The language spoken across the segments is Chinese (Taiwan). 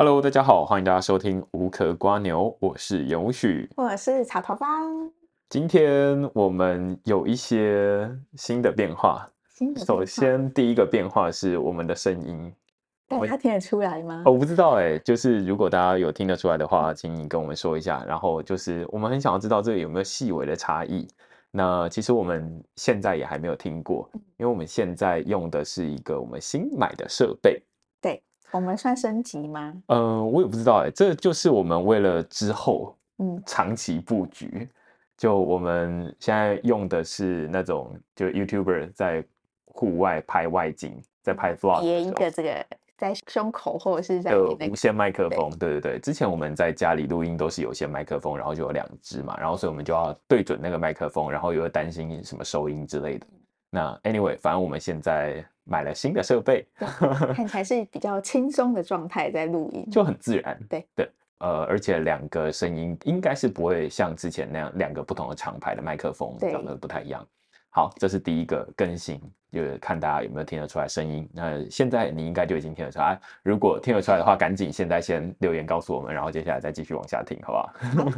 Hello，大家好，歡迎大家收聽《無殼蝸牛》，我是尤許，我是草頭幫。今天我們有一些新的變化。新的變化。首先，第一個變化是我們的聲音。大家聽得出來嗎？我，哦、我不知道哎，就是如果大家有聽得出來的話，請你跟我們說一下。然後就是我們很想要知道這裡有沒有細微的差異。那其實我們現在也還沒有聽過，因為我們現在用的是一個我們新買的設備。我們算升級嗎？嗯、呃，我也不知道哎，欸，這就是我們為了之後嗯長期布局，嗯、就我們現在用的是那種就 YouTuber 在戶外拍外景，在拍 Vlog，疊一個這個在胸口或者是在那個、呃、無線麥克風，對，對對對。之前我們在家裡錄音都是有線麥克風，然後就有兩支嘛，然後所以我們就要對準那個麥克風，然後又擔心什麼收音之類的。那 anyway，反正我們現在。買了新的設備，對 看起來是比較輕鬆的狀態在錄音，就很自然。對對，呃，而且兩個聲音應該是不會像之前那樣，兩個不同的廠牌的麥克風長得不太一樣。對好，這是第一個更新，就是、看大家有沒有聽得出來聲音。那現在你應該就已經聽得出來、啊，如果聽得出來的話，趕緊現在先留言告訴我們，然後接下來再繼續往下聽，好不好？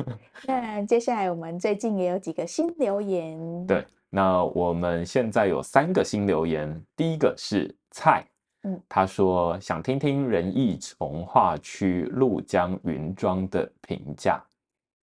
那接下來我們最近也有幾個新留言， 對。那我們現在有三個新留言，第一個是蔡，嗯，他說想聽聽仁義重劃區鷺江雲莊的評價。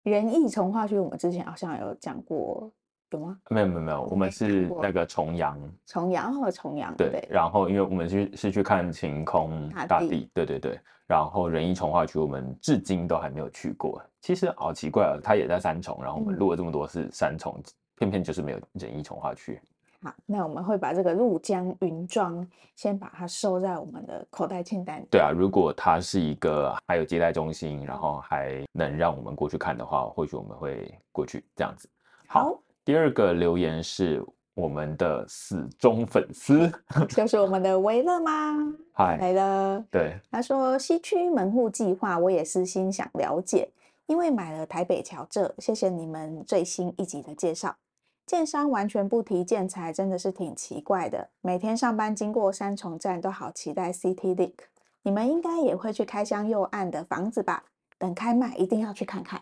仁義重劃區，我們之前好像有講過，有嗎？沒有沒有沒有，我們是那個重陽，重陽和重陽，對，對然後因為我們是是去看晴空大地，地對對對，然後仁義重劃區，我們至今都還沒有去過，其實好奇怪啊、喔，他也在三重，然後我們錄了這麼多次三重。嗯偏偏就是沒有人義重劃區。好，那我們會把這個鷺江雲莊先把它收在我們的口袋清單。對啊，如果它是一個還有接待中心，然後還能讓我們過去看的話，或許我們會過去這樣子。好，好，第二個留言是我們的死忠粉絲，就是我們的維樂嗎？嗨 Hi，來了。對，他說西區門戶計劃，我也是心想了解，因為買了台北橋這，謝謝你們最新一集的介紹。建商完全不提建材，真的是挺奇怪的。每天上班經過三重站，都好期待 City Link。你們應該也會去開箱右岸的房子吧？等開賣一定要去看看。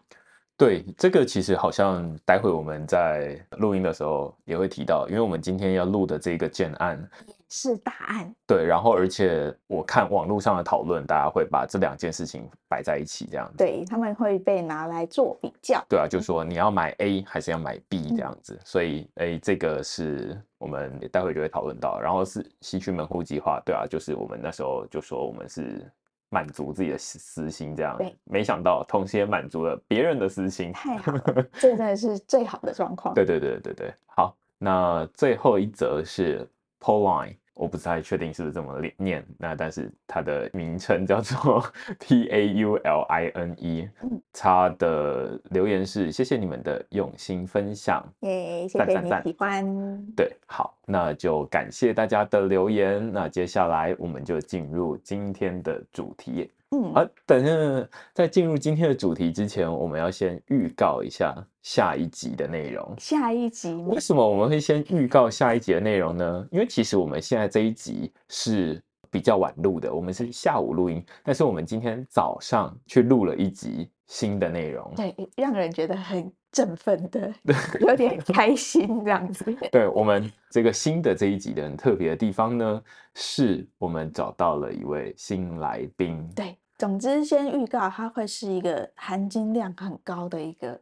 對，這個其實好像待會我們在錄音的時候也會提到，因為我們今天要錄的這個建案。是答案。對，然後而且我看網絡上的討論，大家會把這兩件事情擺在一起這樣。對，他們會被拿來做比較，對啊，就說你要買 A 還是要買 B 這樣子。嗯、所以哎、欸，這個是我們待會就會討論到，然後是西區門戶計劃。對啊，就是我們那時候就說我們是滿足自己的私私心這樣，對，沒想到同時也滿足了別人的私心，太好了， 這才是最好的狀況。對，對對對對對。好，那最後一則是 Pauline 我不太確定是不是這麼念，那但是它的名稱叫做 Pauline。嗯，他的留言是：謝謝你們的用心分享，耶，謝謝你喜歡。對，好，那就感謝大家的留言。那接下來我們就進入今天的主題。啊，等一下，在進入今天的主題之前，我們要先預告一下下一集的內容。下一集。為什麼我們會先預告下一集的內容呢？因為其實我們現在這一集是比較晚錄的，我們是下午錄音，但是我們今天早上去錄了一集新的內容。對，讓人覺得很振奮的，有點開心這樣子。 對，我們這個新的這一集的很特別的地方呢，是我們找到了一位新來賓。對。總之，先預告它會是一個含金量很高的一個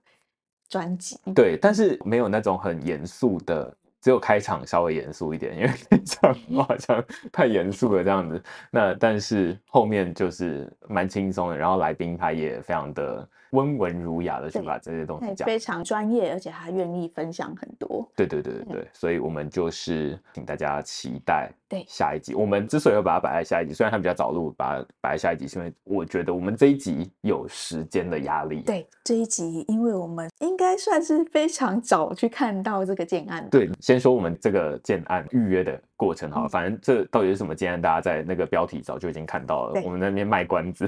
專輯。對，但是沒有那種很嚴肅的，只有開場稍微嚴肅一點，因為開場好像太嚴肅了這樣子。 那但是後面就是蠻輕鬆的，然後來賓他也非常的溫文儒雅的去把這些東西講。非常專業，而且他願意分享很多。對對對對對，所以我們就是請大家期待。對下一集，我們之所以要把它擺在下一集，雖然它比較早錄，把它擺在下一集，是因為我覺得我們這一集有時間的壓力。對，這一集，因為我們應該算是非常早去看到這個建案。對，先說我們這個建案預約的過程哈，嗯、反正這到底是什麼建案，大家在那個標題早就已經看到了。對我們那邊賣關子。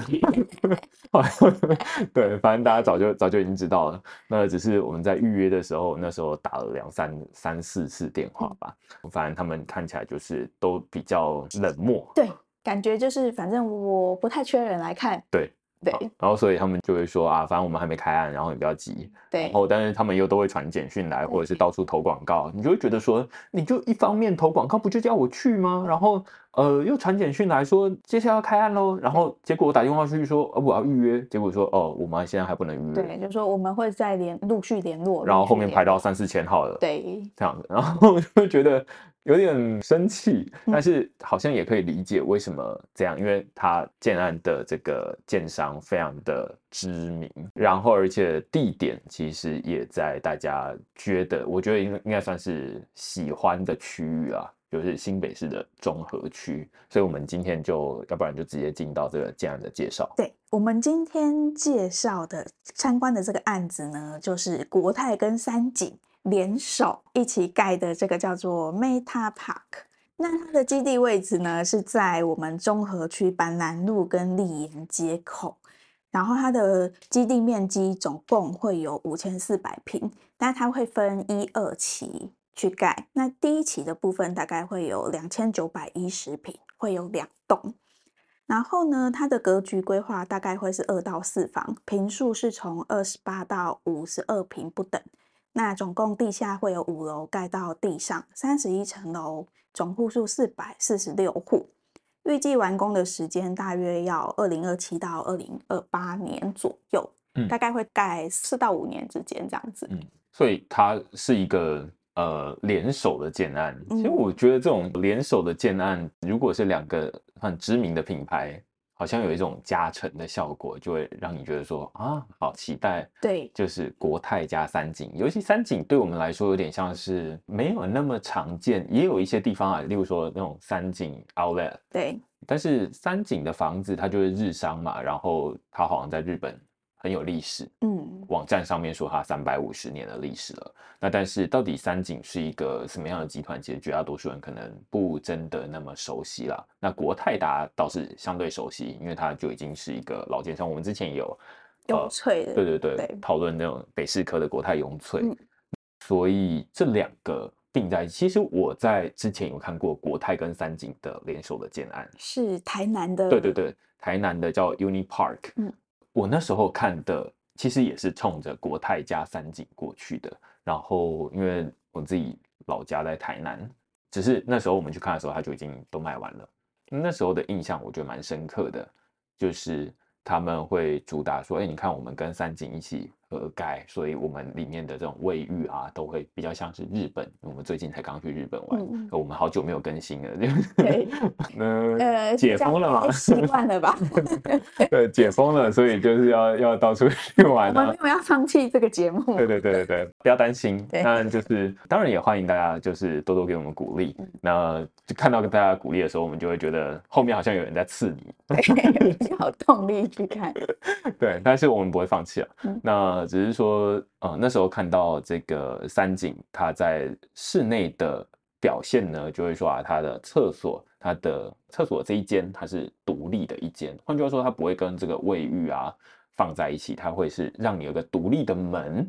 對，反正大家早就早就已經知道了。那只是我們在預約的時候，那時候打了兩三三四次電話吧。嗯、反正他們看起來就是都，比較冷漠，對，感覺就是反正我不太缺人來看，對對，對然後所以他們就會說啊，反正我們還沒開案，然後也比較急，對，然後但是他們又都會傳簡訊來，或者是到處投廣告，對你就會覺得說，你就一方面投廣告不就叫我去嗎？然後呃又傳簡訊來說，接下來要開案嘍，對然後結果我打電話出去說，呃，我要預約，結果說哦、呃，我們現在還不能預約，對，就是說我們會再聯陸續聯絡，聯絡然後後面排到三四千號了，對，這樣子，然後就會覺得。有點生氣，但是好像也可以理解為什麼這樣，嗯、因為他建案的這個建商非常的知名，然後而且地點其實也在大家覺得，我覺得應應該算是喜歡的區域啊，就是新北市的中和區，所以我們今天就要不然就直接進到這個建案的介紹。對，我們今天介紹的參觀的這個案子呢，就是國泰跟三井，聯手一起蓋的這個叫做 Meta Park，那它的基地位置呢，是在我們中和區板南路跟立岩街口，然後它的基地面積總共會有五千四百平，但它會分一二期去蓋。那第一期的部分大概會有兩千九百一十平，會有兩棟，然後呢，它的格局規劃大概會是二到四房，平數是從二十八到五十二平不等。那總共地下會有五樓，蓋到地上三十一層樓，總戶數四百四十六戶，預計完工的時間大約要二零二七到二零二八年左右，嗯，大概會蓋四到五年之間這樣子。嗯，所以它是一個呃聯手的建案。其實我覺得這種聯手的建案，如果是兩個很知名的品牌。好像有一種加成的效果，就會讓你覺得說啊，好期待。對，就是國泰加三井，尤其三井對我們來說有點像是沒有那麼常見，也有一些地方啊，例如說那種三井 Outlet。對，但是三井的房子它就是日商嘛，然後它好像在日本。很有歷史，嗯，網站上面說它三百五十年的歷史了。那但是到底三井是一個什麼樣的集團？其實絕大多數人可能不真的那麼熟悉啦。那國泰達倒是相對熟悉，因為它就已經是一個老建商。我們之前有永、呃、翠的，對對對，討論對那種北士科的國泰永翠。嗯、所以這兩個並在一起，其實我在之前有看過國泰跟三井的聯手的建案，是台南的，對對對，台南的叫 Uni Park，嗯。我那時候看的，其實也是衝着國泰加三井過去的。然後，因為我自己老家在台南，只是那時候我們去看的時候，它就已經都賣完了。那時候的印象，我覺得蠻深刻的，就是他們會主打說：“哎，你看我們跟三井一起。”和蓋，所以我們裡面的這種衛浴啊，都會比較像是日本。我們最近才剛去日本玩，嗯、我們好久沒有更新了。嗯對 那呃，解封了嘛？習慣了吧？ 對，解封了，所以就是要要到處去玩，啊、我們沒有要放棄這個節目。對對對對對，不要擔心。對那就是當然也歡迎大家，就是多多給我們鼓勵。嗯、那就看到跟大家鼓勵的時候，我們就會覺得後面好像有人在刺你，對，有一些好動力去看。 對，但是我們不會放棄了，啊。嗯、那呃，只是說，呃，那時候看到這個三井他在室內的表現呢，就會說啊，他的廁所，他的廁所這一間它是獨立的一間，換句話說，它不會跟這個衛浴啊放在一起，它會是讓你有一個獨立的門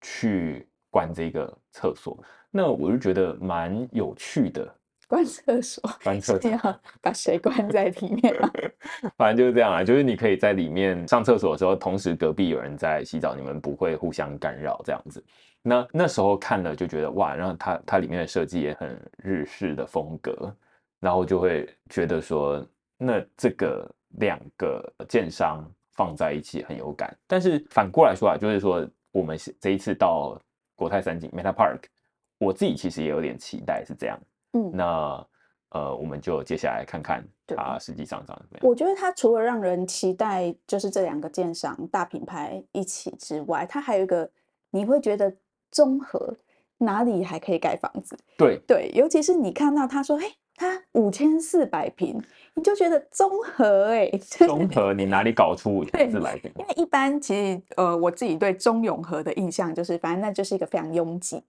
去關這個廁所。那我就覺得蠻有趣的。關廁所，關廁所，把誰關在裡面啊？ 反正就是這樣啊，就是你可以在裡面上廁所的時候，同時隔壁有人在洗澡，你們不會互相干擾這樣子。那那時候看了就覺得哇，然後它它裡面的設計也很日式的風格，然後就會覺得說，那這個兩個建商放在一起很有感。但是反過來說啊，就是說我們這一次到國泰三井 Meta Park，我自己其實也有點期待是這樣。嗯，那呃，我們就接下來看看它實際上長什麼樣。我覺得它除了讓人期待，就是這兩個建商大品牌一起之外，它還有一個你會覺得中和哪裡還可以蓋房子？對對，尤其是你看到他說：“哎、欸，它五千四百平”，你就覺得中和哎、欸，中和你哪裡搞出五千四百平？因為一般其實呃，我自己對中永和的印象就是，反正那就是一個非常擁擠。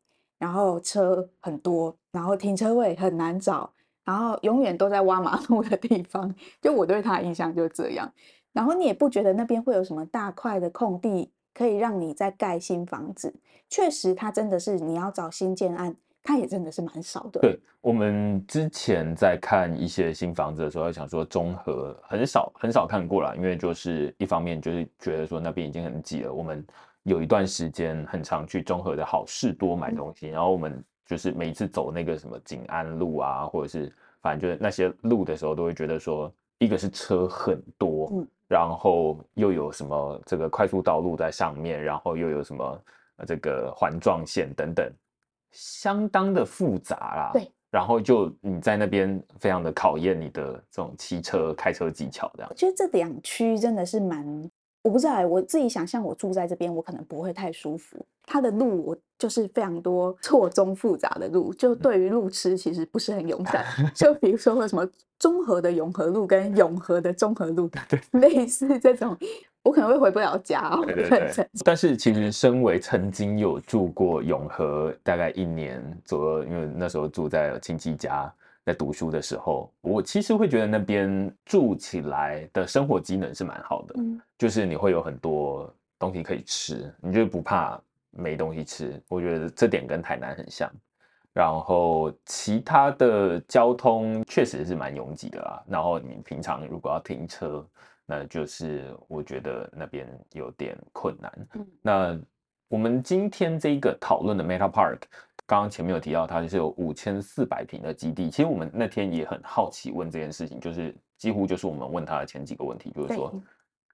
然後車很多，然後停車位很難找，然後永遠都在挖馬路的地方。就我對他的印象就這樣。然後你也不覺得那邊會有什麼大塊的空地可以讓你再蓋新房子。確實，它真的是你要找新建案，它也真的是蠻少的。對，我們之前在看一些新房子的時候，想說中和很少很少看過啦，因為就是一方面就是覺得說那邊已經很擠了，我們。有一段時間很常去中和的好市多買東西，嗯、然後我們就是每一次走那個什麼景安路啊，或者是反正就是那些路的時候，都會覺得說，一個是車很多，嗯、然後又有什麼這個快速道路在上面，然後又有什麼這個環狀線等等，相當的複雜啦。對，然後就你在那邊非常的考驗你的這種汽車開車技巧的。我覺得這兩區真的是蠻。我不知道，我自己想象我住在這邊，我可能不會太舒服。它的路我就是非常多錯綜複雜的路，就對於路痴其實不是很友善。嗯、就比如說，說什麼“中和的永和路”跟“永和的中和路”， 對對對，類似這種，我可能會回不了家，哦。對對對，但是其實，身為曾經有住過永和大概一年左右，因為那時候住在親戚家。在讀書的時候，我其實會覺得那邊住起來的生活機能是蠻好的，嗯，就是你會有很多東西可以吃，你就不怕沒東西吃。我覺得這點跟台南很像。然後其他的交通確實是蠻擁擠的啊。然後你平常如果要停車，那就是我覺得那邊有點困難。嗯，那我們今天這個討論的 Meta Park。剛剛前面有提到，他是有五千四百平的基地。其實我們那天也很好奇問這件事情，就是幾乎就是我們問他的前幾個問題，就是說，對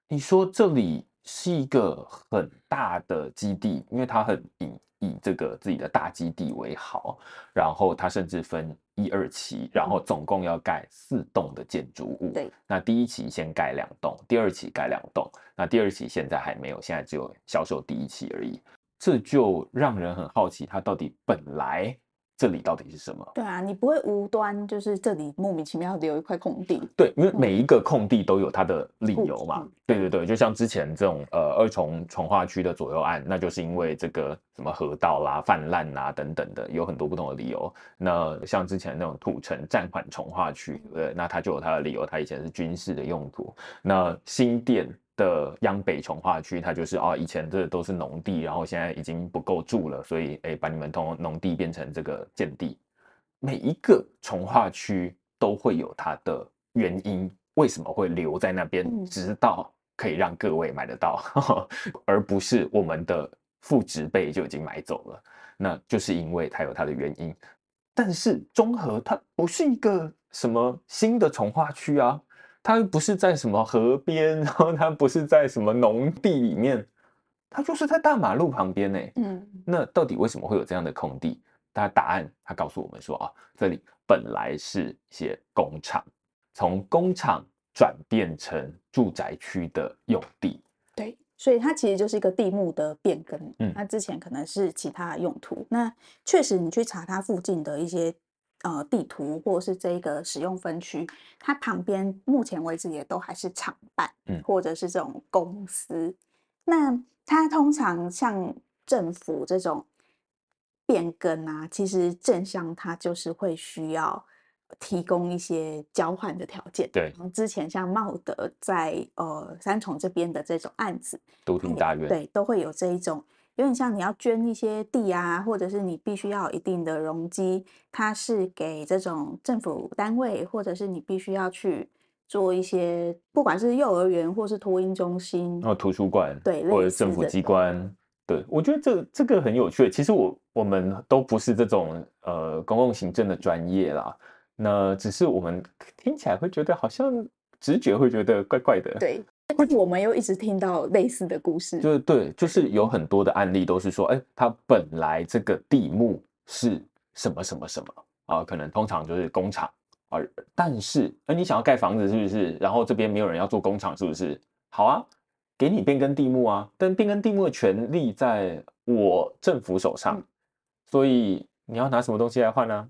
你說這裡是一個很大的基地，因為它很以以這個自己的大基地為豪，然後它甚至分一二期，然後總共要蓋四棟的建築物。對那第一期先蓋兩棟，第二期蓋兩棟。那第二期現在還沒有，現在只有銷售第一期而已。這就讓人很好奇，它到底本來這裡到底是什麼？對啊，你不會無端就是這裡莫名其妙留一塊空地？對，因為每一個空地都有它的理由嘛。嗯、對對對，就像之前這種呃二重重劃區的左右岸，那就是因為這個什麼河道啦、氾濫啦等等的，有很多不同的理由。那像之前那種土城暫緩重劃區，對不對？那它就有它的理由，它以前是軍事的用途。那新店，的央北重劃區，它就是啊、哦，以前這都是農地，然後現在已經不夠住了，所以誒、哎，把你們從農地變成這個建地。每一個重劃區都會有它的原因，為什麼會留在那邊，嗯、直到可以讓各位買得到，呵呵而不是我們的父執輩就已經買走了，那就是因為它有它的原因。但是中和它不是一個什麼新的重劃區啊。它不是在什麼河邊，然後它不是在什麼農地裡面，它就是在大馬路旁邊呢。嗯，那到底為什麼會有這樣的空地？它答案它告訴我們說啊、哦，這裡本來是一些工廠，從工廠轉變成住宅區的用地。對，所以它其實就是一個地目的變更。嗯，它之前可能是其他的用途。那確實，你去查它附近的一些。呃，地圖或是這個使用分區，它旁邊目前為止也都還是廠辦，嗯，或者是這種公司。那它通常像政府這種變更啊，其實正向它就是會需要提供一些交換的條件。對，之前像茂德在呃三重這邊的這種案子，都廳大院，嗯，對，都會有這一種。有點像你要捐一些地啊，或者是你必須要有一定的容積，它是給這種政府單位，或者是你必須要去做一些，不管是幼兒園或是托嬰中心，哦，圖書館，對，或者政府機關。對，我覺得這這個很有趣。其實我我們都不是這種呃公共行政的專業啦，那只是我們聽起來會覺得好像直覺會覺得怪怪的。對。但是我們又一直聽到類似的故事，對對，就是有很多的案例都是說，哎、欸，他本來這個地目是什麼什麼什麼啊，可能通常就是工廠啊，但是，哎、欸，你想要蓋房子是不是？然後這邊沒有人要做工廠是不是？好啊，給你變更地目啊，但變更地目的權利在我政府手上，所以你要拿什麼東西來換呢、啊？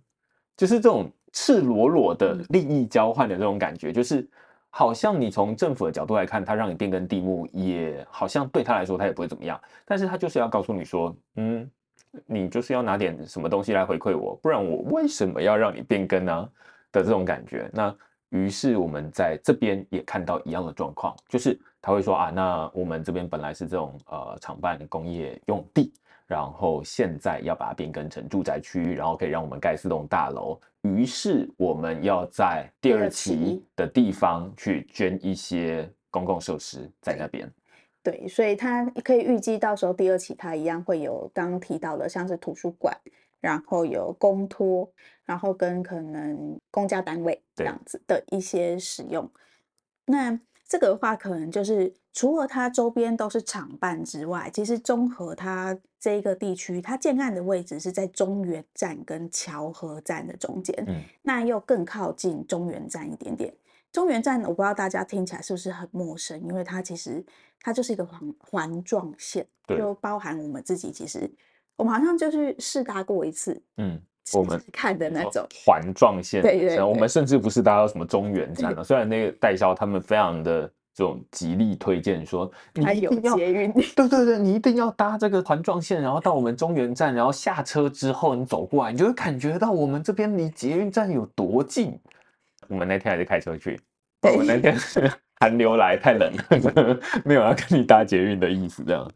就是這種赤裸裸的利益交換的這種感覺，就是。好像你從政府的角度來看，他讓你變更地目，也好像對他來說，他也不會怎麼樣。但是他就是要告訴你說，嗯，你就是要拿點什麼東西來回饋我，不然我為什麼要讓你變更呢？的這種感覺。那於是我們在這邊也看到一樣的狀況，就是他會說啊，那我們這邊本來是這種呃廠辦的工業用地。然後現在要把它變更成住宅區，然後可以讓我們蓋四棟大樓。於是我們要在第二期的地方去捐一些公共設施在那邊。對。對，所以它可以預計到時候第二期它一樣會有剛剛提到的，像是圖書館，然後有公托，然後跟可能公家單位這樣子的一些使用。對那。這個的話，可能就是除了它周邊都是廠辦之外，其實中和它這一個地區，它建案的位置是在中原站跟橋和站的中間。嗯、那又更靠近中原站一點點。中原站，我不知道大家聽起來是不是很陌生，因為它其實它就是一個環環狀線，對就包含我們自己。其實我們好像就是試搭過一次。嗯。我們試試看的那種環狀線，對對，對對，我們甚至不是搭到什麼中原站了。對雖然那個代銷他們非常的這種極力推薦，說你一定要， 對對對，你一定要搭這個環狀線，然後到我們中原站，然後下車之後你走過來，你就會感覺到我們這邊離捷運站有多近。我們那天還在開車去，對我們那天是 寒流來太冷了， 沒有要跟你搭捷運的意思這樣。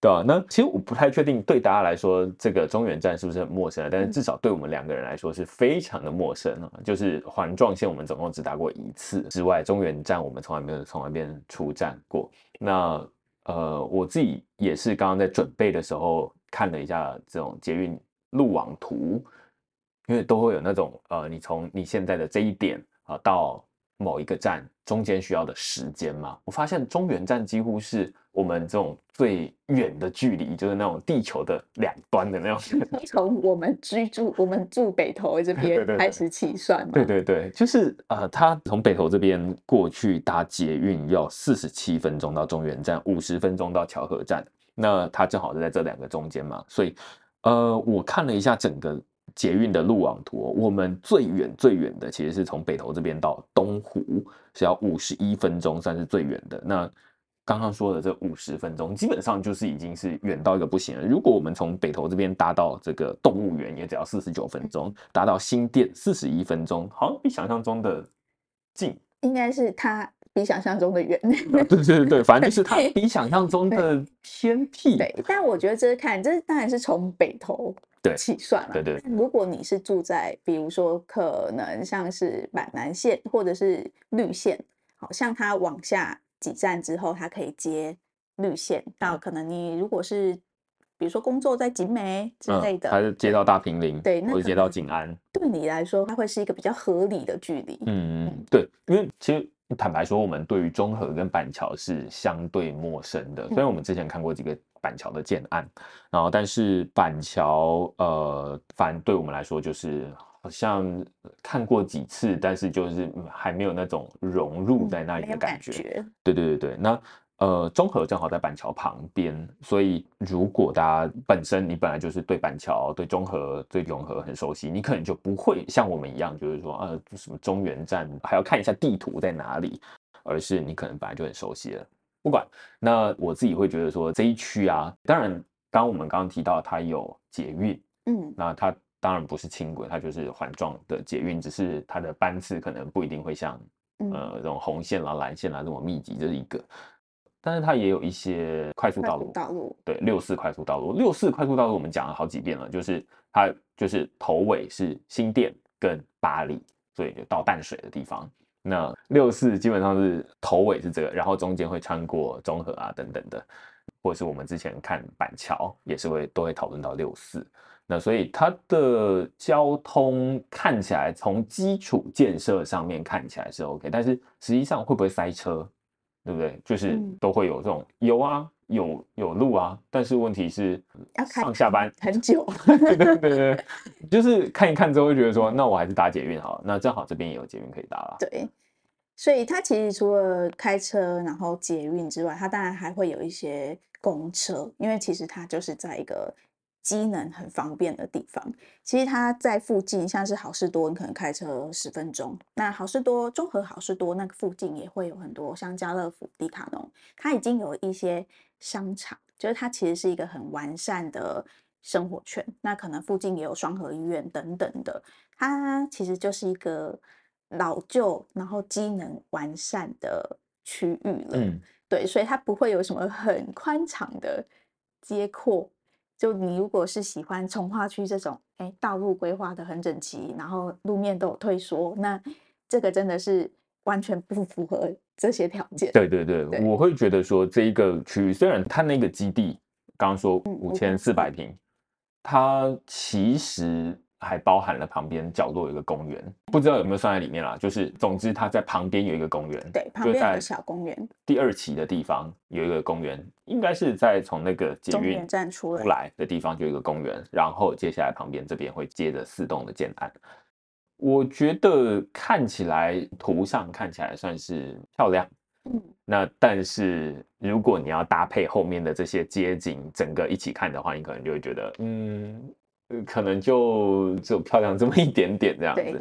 對、啊、那其實我不太確定，對大家來說，這個中原站是不是很陌生？但是至少對我們兩個人來說，是非常的陌生啊！就是環狀線，我們總共只搭過一次之外，中原站我們從來沒有、從來沒出站過。那呃，我自己也是剛剛在準備的時候看了一下這種捷運路網圖，因為都會有那種呃，你從你現在的這一點啊、呃、到某一個站。中間需要的時間嘛？我發現中原站幾乎是我們這種最遠的距離，就是那種地球的兩端的那種。從我們居住，我們住北投這邊開始起算的。 對，對對對，就是呃，他從北投這邊過去搭捷運要四十七分鐘到中原站，五十分鐘到橋和站。那他正好是在這兩個中間嘛，所以呃，我看了一下整個。捷運的路網圖，我們最遠最遠的其實是從北投這邊到東湖，是要五十一分鐘，算是最遠的。那剛剛說的這五十分鐘，基本上就是已經是遠到一個不行了。如果我們從北投這邊搭到這個動物園，也只要四十九分鐘；搭到新店四十一分鐘，好像比想象中的近。應該是它比想象中的遠、 啊。對對對，反正就是它比想象中的偏僻。 但我覺得這是看，這當然是從北投。計算了。對對、對，如果你是住在比如說可能像是板南線或者是綠線，好像它往下幾站之後，它可以接綠線到，可能你如果是比如說工作在景美之類的，它、嗯、是接到大坪林，對，或者接到景安，對你來說它會是一個比較合理的距離。嗯，對，因為其實坦白說，我們對於中和跟板橋是相對陌生的，嗯、雖然我們之前看過幾個。板橋的建案，然後但是板橋呃，反正對我們來說就是好像看過幾次，但是就是還沒有那種融入在那裡的感覺。沒有感覺對對對對，那呃，中和正好在板橋旁邊，所以如果大家本身你本來就是對板橋、對中和、對永和很熟悉，你可能就不會像我們一樣，就是說呃什麼中原站還要看一下地圖在哪裡，而是你可能本來就很熟悉了。不管那我自己會覺得說這一區啊，當然，剛我們剛剛提到它有捷運，嗯，那它當然不是輕軌，它就是環狀的捷運，只是它的班次可能不一定會像呃這種紅線啦、啊、藍線啦、啊、這麼密集，這，就是一個。但是它也有一些快速道路，道路對六四快速道路，六四快，快速道路我們講了好幾遍了，就是它就是頭尾是新店跟八里，所以就到淡水的地方。那六四基本上是頭尾是這個，然後中間會穿過中和啊等等的，或者是我們之前看板橋也是會都會討論到六四。那所以它的交通看起來從基礎建設上面看起來是 OK，但是實際上會不會塞車，對不對？就是都會有這種有啊有有路啊，但是問題是上下班很久，對對對。就是看一看之後就覺得說，那我還是搭捷運好了。那正好這邊也有捷運可以搭了。對，所以它其實除了開車然後捷運之外，它當然還會有一些公車，因為其實它就是在一個機能很方便的地方。其實它在附近，像是好市多，你可能開車十分鐘。那好市多，中和好市多，那個附近也會有很多像家樂福、迪卡儂，它已經有一些商場，就是它其實是一個很完善的。生活圈，那可能附近也有雙和醫院等等的，它其實就是一個老舊然後機能完善的區域了。嗯，對，所以它不會有什麼很寬敞的街廓。就你如果是喜歡重劃區這種，哎，道路規劃的很整齊，然後路面都有退縮，那這個真的是完全不符合這些條件。對對對，對我會覺得說這一個區域，雖然它那個基地剛剛說五千四百平。嗯 okay. 它其實還包含了旁邊角落有一個公園，不知道有沒有算在裡面啦。就是，總之它在旁邊有一個公園，對，旁邊有個小公園。第二期的地方有一個公園，應該是在從那個捷運站出來的地方就有一個公園。然後接下來旁邊這邊會接着四棟的建案，我覺得看起來圖上看起來算是漂亮，嗯。那但是如果你要搭配後面的這些街景，整個一起看的話，你可能就會覺得，嗯，可能就只有漂亮這麼一點點這樣子，對，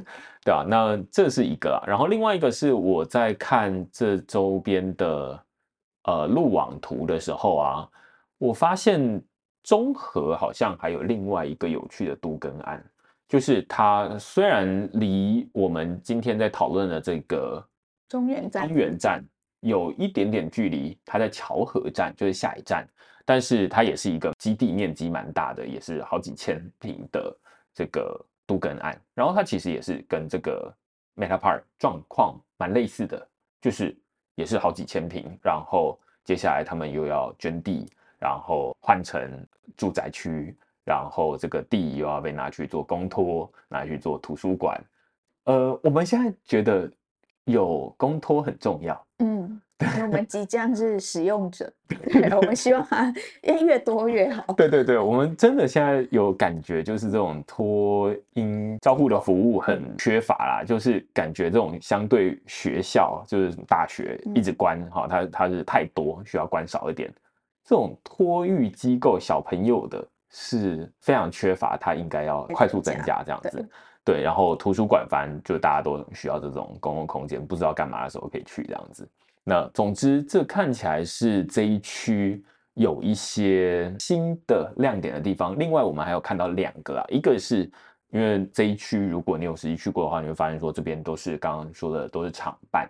對啊，那這是一個。然後另外一個是我在看這周邊的呃路網圖的時候啊，我發現中和好像還有另外一個有趣的都更案，就是它雖然離我們今天在討論的這個中原站，中原站有一點點距離，它在橋河站，就是下一站，但是它也是一個基地面積蠻大的，也是好幾千平的這個都更案，然後它其實也是跟這個 Meta Park 狀況蠻類似的，就是也是好幾千平，然後接下來他們又要捐地，然後換成住宅區，然後這個地又要被拿去做公托，拿去做圖書館，呃，我們現在覺得。有公托很重要，嗯，對，我們即將是使用者，對，我們希望，它越多越好，對對對，我們真的現在有感覺，就是這種托嬰照顧的服務很缺乏啦，就是感覺這種相對學校，就是大學一直關哈，它它、嗯哦、是太多，需要關少一點，這種托育機構小朋友的是非常缺乏，它應該要快速增加這樣子。對，然後圖書館，反正就大家都需要這種公共空間，不知道幹嘛的時候可以去這樣子。那總之，這看起來是這一區有一些新的亮點的地方。另外，我們還有看到兩個啊，一個是因為這一區，如果你有實際去過的話，你會發現說這邊都是剛剛說的都是廠辦，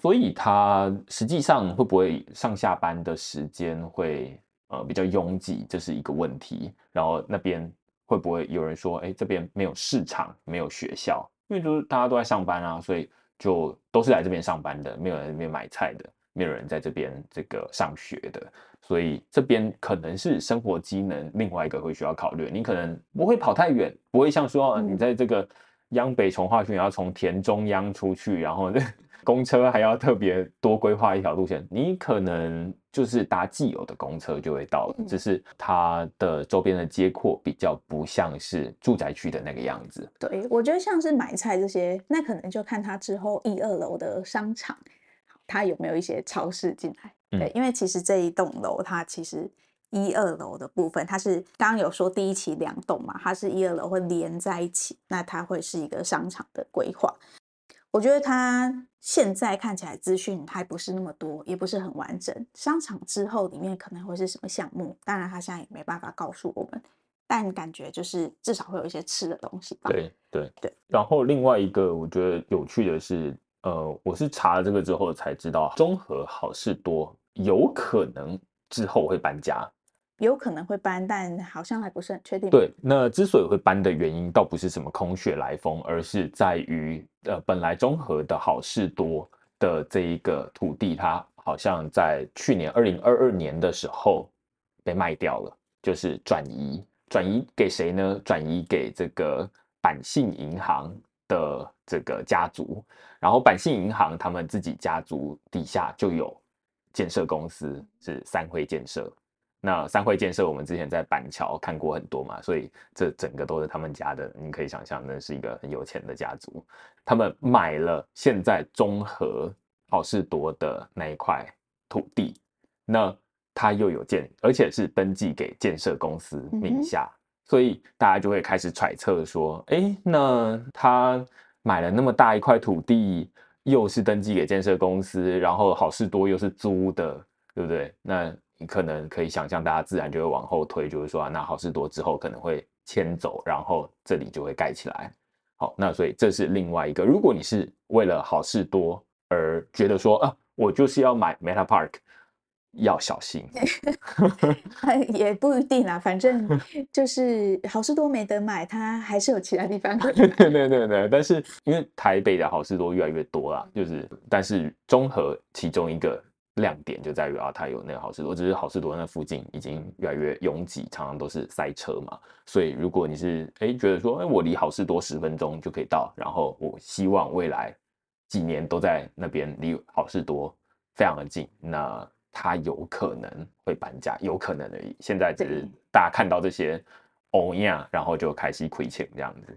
所以它實際上會不會上下班的時間會，呃，比較擁擠，這是一個問題。然後那邊。會不會有人說，哎，這邊沒有市場，沒有學校，因為就是大家都在上班啊，所以就都是來這邊上班的，沒有人來這邊買菜的，沒有人在這邊這個上學的，所以這邊可能是生活機能另外一個會需要考慮。你可能不會跑太遠，不會像說，呃，你在這個央北重劃區，你要從田中央出去，然後公車還要特別多規劃一條路線，你可能，就是搭既有的公車就會到了，嗯，只是它的周邊的街廓比較不像是住宅區的那個樣子。對，我覺得像是買菜這些，那可能就看它之後一二樓的商場，它有沒有一些超市進來。嗯，對，因為其實這一棟樓它其實一二樓的部分，它是剛剛有說第一期兩棟嘛，它是一二樓會連在一起，那它會是一個商場的規劃。我覺得他現在看起來資訊還不是那麼多，也不是很完整。商場之後裡面可能會是什麼項目，當然他現在也沒辦法告訴我們，但感覺就是至少會有一些吃的東西吧。對對對。對對然後另外一個我覺得有趣的是，呃，我是查了這個之後才知道，中和好事多有可能之後會搬家。有可能會搬，但好像還不是很確定。對，那之所以會搬的原因倒不是什麼空穴來風，而是在於，呃，本來中和的好市多的這一個土地，它好像在去年二零二二年的時候被賣掉了，就是轉移，轉移給誰呢？轉移給這個板信銀行的這個家族，然後板信銀行他們自己家族底下就有建設公司，是三輝建設。那三惠建設，我們之前在板橋看過很多嘛，所以這整個都是他們家的。你可以想象，那是一個很有錢的家族。他們買了現在中和好市多的那一塊土地，那他又有建，而且是登記給建設公司名下，所以大家就會開始揣測說，哎，那他買了那麼大一塊土地，又是登記給建設公司，然後好市多又是租的，對不對？那你可能可以想象，大家自然就會往後推，就是說啊，那好事多之後可能會遷走，然後這裡就會蓋起來。好，那所以這是另外一個。如果你是為了好事多而覺得說啊，我就是要買 Meta Park，要小心。 也不一定啦、啊，反正就是好事多沒得買，它還是有其他地方。 對對對對，但是因為台北的好事多越來越多啦，就是但是綜合其中一個。亮點就在於啊，它有那個好市多，只是好市多那附近已經越來越擁擠，常常都是塞車嘛。所以如果你是哎覺得說哎，我離好市多十分鐘就可以到，然後我希望未來幾年都在那邊離好市多非常的近，那它有可能會搬家，有可能而已。現在只是大家看到這些歐亞，然後就開始虧錢這樣子。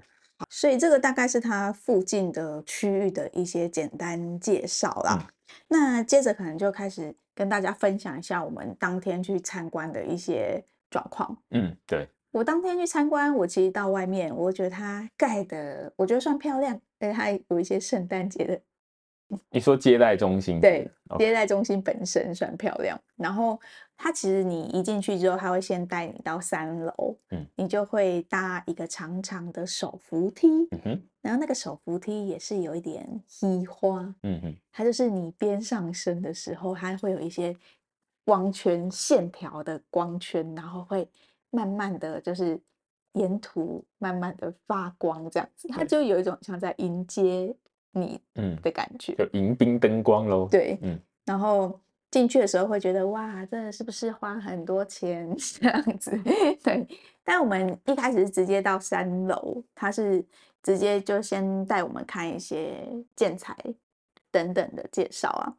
所以這個大概是它附近的區域的一些簡單介紹啦、啊。嗯那接着可能就開始跟大家分享一下我們當天去參觀的一些狀況。嗯，對，我當天去參觀，我其實到外面，我覺得它蓋的，我覺得算漂亮，但它有一些聖誕節的。你說接待中心，對，Okay. 接待中心本身算漂亮。然後它其實你一進去之後，它會先帶你到三樓，嗯，你就會搭一個長長的手扶梯，嗯、哼然後那個手扶梯也是有一點花，嗯哼它就是你邊上升的時候，它會有一些光圈線條的光圈，然後會慢慢的就是沿途慢慢的發光，這樣子，它就有一種像在迎接。你嗯的感覺，嗯、就迎賓燈光咯，對，嗯，然後進去的時候會覺得哇，真的是不是花很多錢這樣子？對，但我們一開始直接到三樓，他是直接就先帶我們看一些建材等等的介紹啊。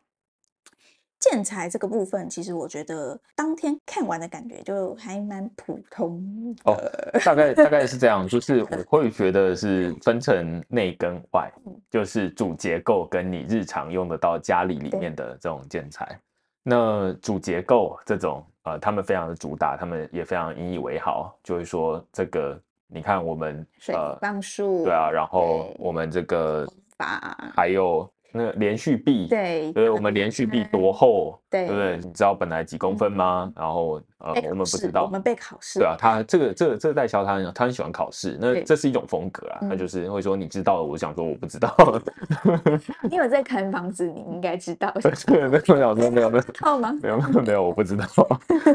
建材這個部分，其實我覺得當天看完的感覺就還蠻普通的哦，oh, 大概大概是這樣， 就是我會覺得是分成內跟外，嗯、就是主結構跟你日常用得到家裡裡面的這種建材。對那主結構這種，呃，他們非常的主打，他們也非常引以為豪，就是說這個你看我們、嗯呃、水泥磅數，對啊，然後我們這個對還有。那連續壁對，對，我們連續壁多厚，對，對不對？你知道本來幾公分嗎？然後呃，我們不知道，我們被考試，對啊，他這個這這代銷他很他很喜歡考試，那這是一種風格啊，他就是會說你知道，我想說我不知道，因為我在看房子，你應該知道，對，我想說沒有，知道嗎？沒有沒有，我不知道。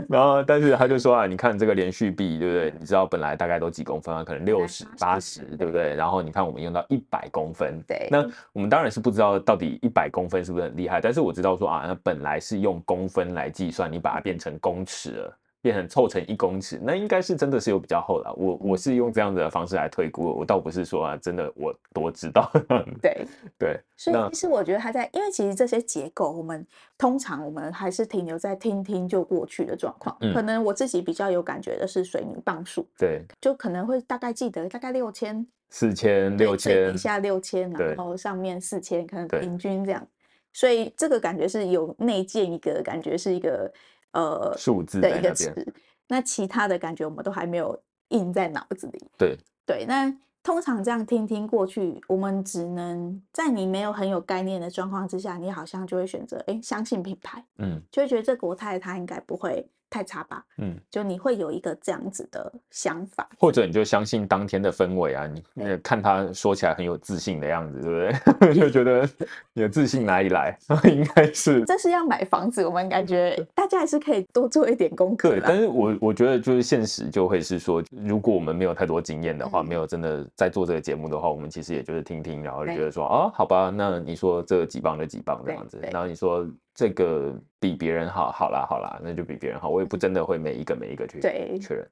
然後但是他就說啊，你看這個連續壁，對不對？你知道本來大概都幾公分啊？可能六十八十，對不對？然後你看我們用到一百公分，對，那我們當然是不知道。到底一百公分是不是很厲害？但是我知道說啊，那本來是用公分來計算，你把它變成公尺了，變成湊成一公尺，那應該是真的是有比較厚了。我我是用這樣的方式來推估，我倒不是說啊，真的我多知道。對對， 對那所以其實我覺得他在，因為其實這些結構，我們通常我們還是停留在聽聽就過去的狀況。嗯，可能我自己比較有感覺的是水泥磅數，對，就可能會大概記得大概六千，四千六千，下六千，然後上面四千，對可能平均這樣，對所以這個感覺是有內建一個感覺，是一個呃數字的對一個詞。那其他的感覺我們都還沒有印在腦子裡。對對，那通常這樣聽聽過去，我們只能在你沒有很有概念的狀況之下，你好像就會選擇誒相信品牌，嗯，就會覺得這國泰它應該不會。太差吧，嗯，就你會有一個這樣子的想法，或者你就相信當天的氛圍啊，對你看他說起來很有自信的樣子，對不對？ 就覺得你的自信哪裡來？ 應該是。這是要買房子，我們感覺大家還是可以多做一點功課。但是我，我我覺得就是現實就會是說，如果我們沒有太多經驗的話，嗯、沒有真的在做這個節目的話，我們其實也就是聽聽，然後覺得說啊對、哦，好吧，那你說這幾磅的幾磅這樣子，對對對，然後你說。這個比別人好，好啦，好啦，那就比別人好。我也不真的會每一個每一個去確認。對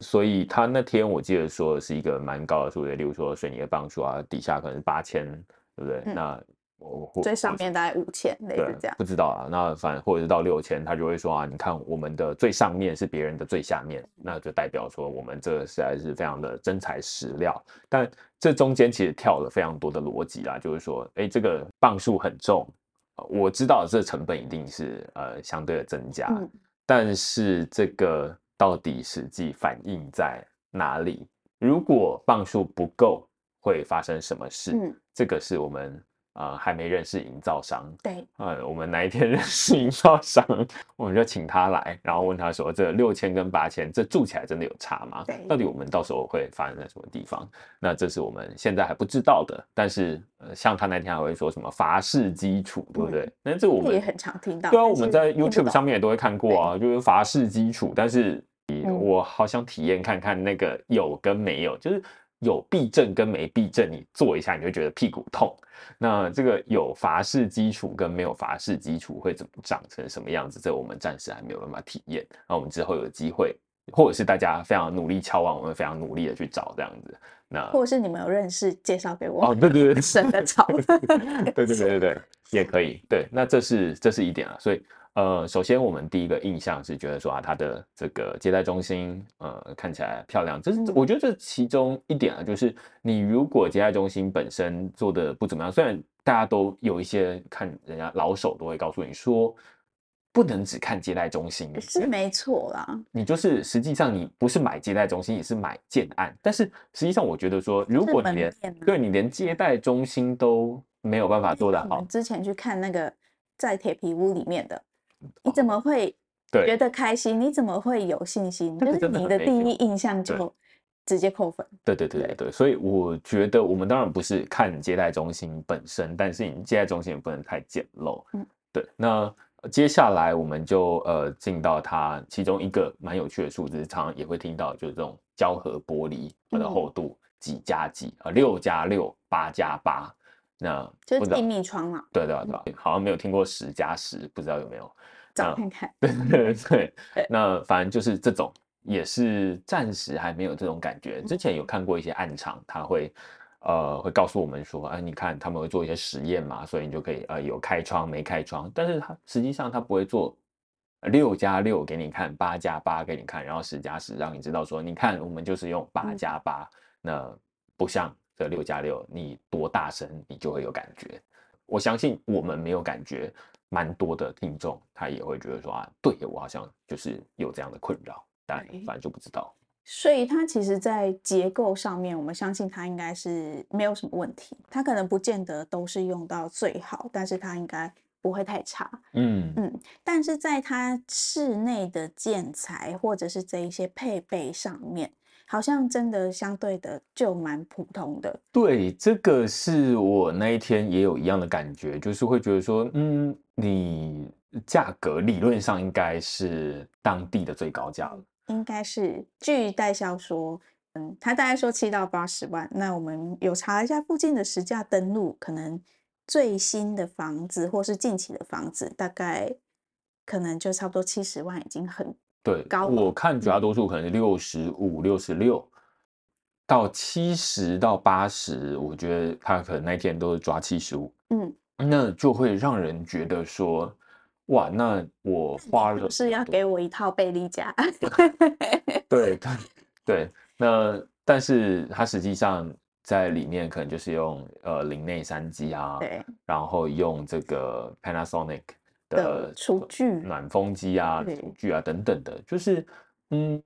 所以他那天我記得說是一個蠻高的數字，例如說水泥的磅數啊，底下可能八千，對不對？嗯、那最上面大概五千，類似這樣。對。不知道啊，那反正或者是到六千，他就會說啊，你看我們的最上面是別人的最下面，那就代表說我們這個實在是非常的真材實料。但這中間其實跳了非常多的邏輯啦，就是說，哎，這個磅數很重。我知道這成本一定是呃相對的增加，嗯、但是這個到底實際反映在哪裡？如果磅數不夠，會發生什麼事？嗯、這個是我們。呃，還沒認識營造商。對、呃，我們哪一天認識營造商，我們就請他來，然後問他說：“這六千跟八千，這住起來真的有差嗎？對，到底我們到時候會發生在什麼地方？那這是我們現在還不知道的。但是，呃，像他那天還會說什麼筏式基礎，對不對？那、嗯、這我們也很常聽到。對啊，是我們在 YouTube 上面也都會看過啊，對就是筏式基礎。但是、嗯、我好想體驗看看那個有跟沒有，就是。有避震跟沒避震，你坐一下，你就覺得屁股痛。那這個有筏式基礎跟沒有筏式基礎會怎麼長成什麼樣子？這個、我們暫時還沒有辦法體驗。那我們之後有機會，或者是大家非常努力敲碗，我們非常努力的去找這樣子。那或者是你們有認識，介紹給我們哦。對對對，省得找。 對對對對對，也可以。對，那這是這是一點啊，所以。呃，首先我們第一個印象是覺得說啊，它的這個接待中心呃，看起來漂亮，這是、嗯、我覺得這其中一點啊，就是你如果接待中心本身做的不怎麼樣，雖然大家都有一些看人家老手都會告訴你說，不能只看接待中心是沒錯啦，你就是實際上你不是買接待中心，也是買建案，但是實際上我覺得說，如果你連對你連接待中心都沒有辦法做得好、嗯，之前去看那個在鐵皮屋裡面的。你怎麼會覺得開心？對你怎麼會有信心？就是你的第一印象就直接扣分。對對對對,對,對，所以我覺得我們當然不是看接待中心本身，但是你接待中心也不能太簡陋。嗯，對。那接下來我們就呃進到它其中一個蠻有趣的數字，常常也會聽到就是這種膠合玻璃它的厚度幾加幾啊，六加六、八加八。那就是氣密窗了，對對對，對，對，嗯、好像沒有聽過十加十，10, 不知道有沒有，這樣看看。那找對對對，對，對，那反正就是這種，也是暫時還沒有這種感覺。嗯、之前有看過一些暗場，他會呃會告訴我們說，哎、呃，你看他們會做一些實驗嘛，所以你就可以呃有開窗沒開窗。但是他實際上他不會做六加六給你看，八加八給你看，然後十加十讓你知道說，你看我們就是用八加八，8, 嗯、那不像。這六加六，6, 你多大聲，你就會有感覺。我相信我們沒有感覺，蠻多的聽眾他也會覺得說，啊，對，我好像就是有這樣的困擾，但反正就不知道。嗯。所以它其實，在結構上面，我們相信它應該是沒有什麼問題。它可能不見得都是用到最好，但是它應該不會太差。嗯嗯，但是在它室內的建材或者是這一些配備上面。好像真的相對的就蠻普通的。對，這個是我那一天也有一樣的感覺，就是會覺得說，嗯，你價格理論上應該是當地的最高價了。應該是，據代銷說，嗯，他大概說七到八十萬。那我們有查了一下附近的實價登錄，可能最新的房子或是近期的房子，大概可能就差不多七十萬，已經很。對，雄我看絕大多數可能是六十五、六十六到七十到八十，我覺得他可能那天都是抓七十五。嗯，那就會讓人覺得說，哇，那我花了是要給我一套貝利家？ 對對對，那但是它實際上在裡面可能就是用呃，林內三 G 啊，對然後用這個 Panasonic。的廚具、暖風機啊、廚具啊等等的，就是嗯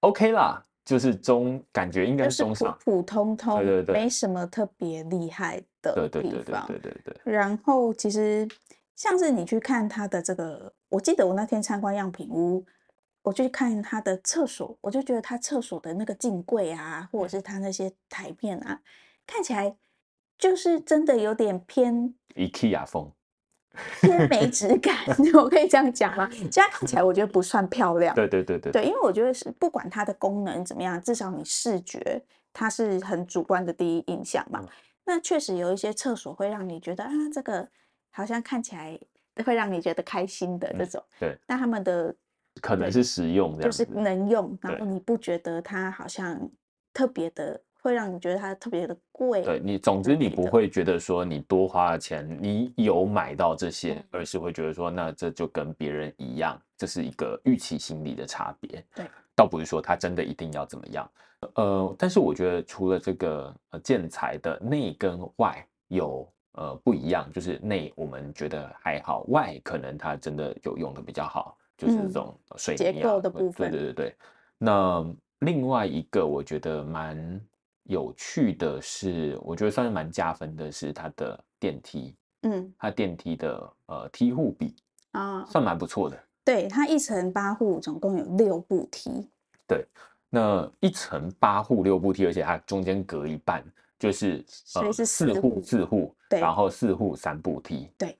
，OK 啦，就是中感覺應該是中普普通通，對對對，沒什麼特別厲害的，對對對對對對。然後其實像是你去看他的這個，我記得我那天參觀樣品屋，我去看他的廁所，我就覺得他廁所的那個鏡櫃啊，或者是他那些台面啊，看起來就是真的有點偏 IKEA 風。天 沒質感， 我可以這樣講嗎？其實看起來我覺得不算漂亮。 對對對對，對因為我覺得是不管它的功能怎麼樣，至少你視覺它是很主觀的第一印象嘛。嗯、那確實有一些廁所會讓你覺得啊，這個好像看起來會讓你覺得開心的這種。嗯、對，但他們的可能是實用的，就是能用，然後你不覺得它好像特別的。會讓你覺得它特別的貴，對你，總之你不會覺得說你多花了錢，你有買到這些，嗯、而是會覺得說，那這就跟別人一樣，這是一個預期心理的差別。對，倒不是說它真的一定要怎麼樣，呃，但是我覺得除了這個呃建材的內跟外有呃不一樣，就是內我們覺得還好，外可能它真的有用的比較好，就是這種水泥、嗯。結構的部分。對對對。那另外一個我覺得蠻。有趣的是，我覺得算是蠻加分的，是它的電梯，嗯，它電梯的呃梯戶比啊，算蠻不錯的。對，它一層八戶，總共有六部梯。對，那一層八戶六部梯，而且它中間隔一半，就是所以是、呃、四戶四戶，對，然後四戶三部梯，對，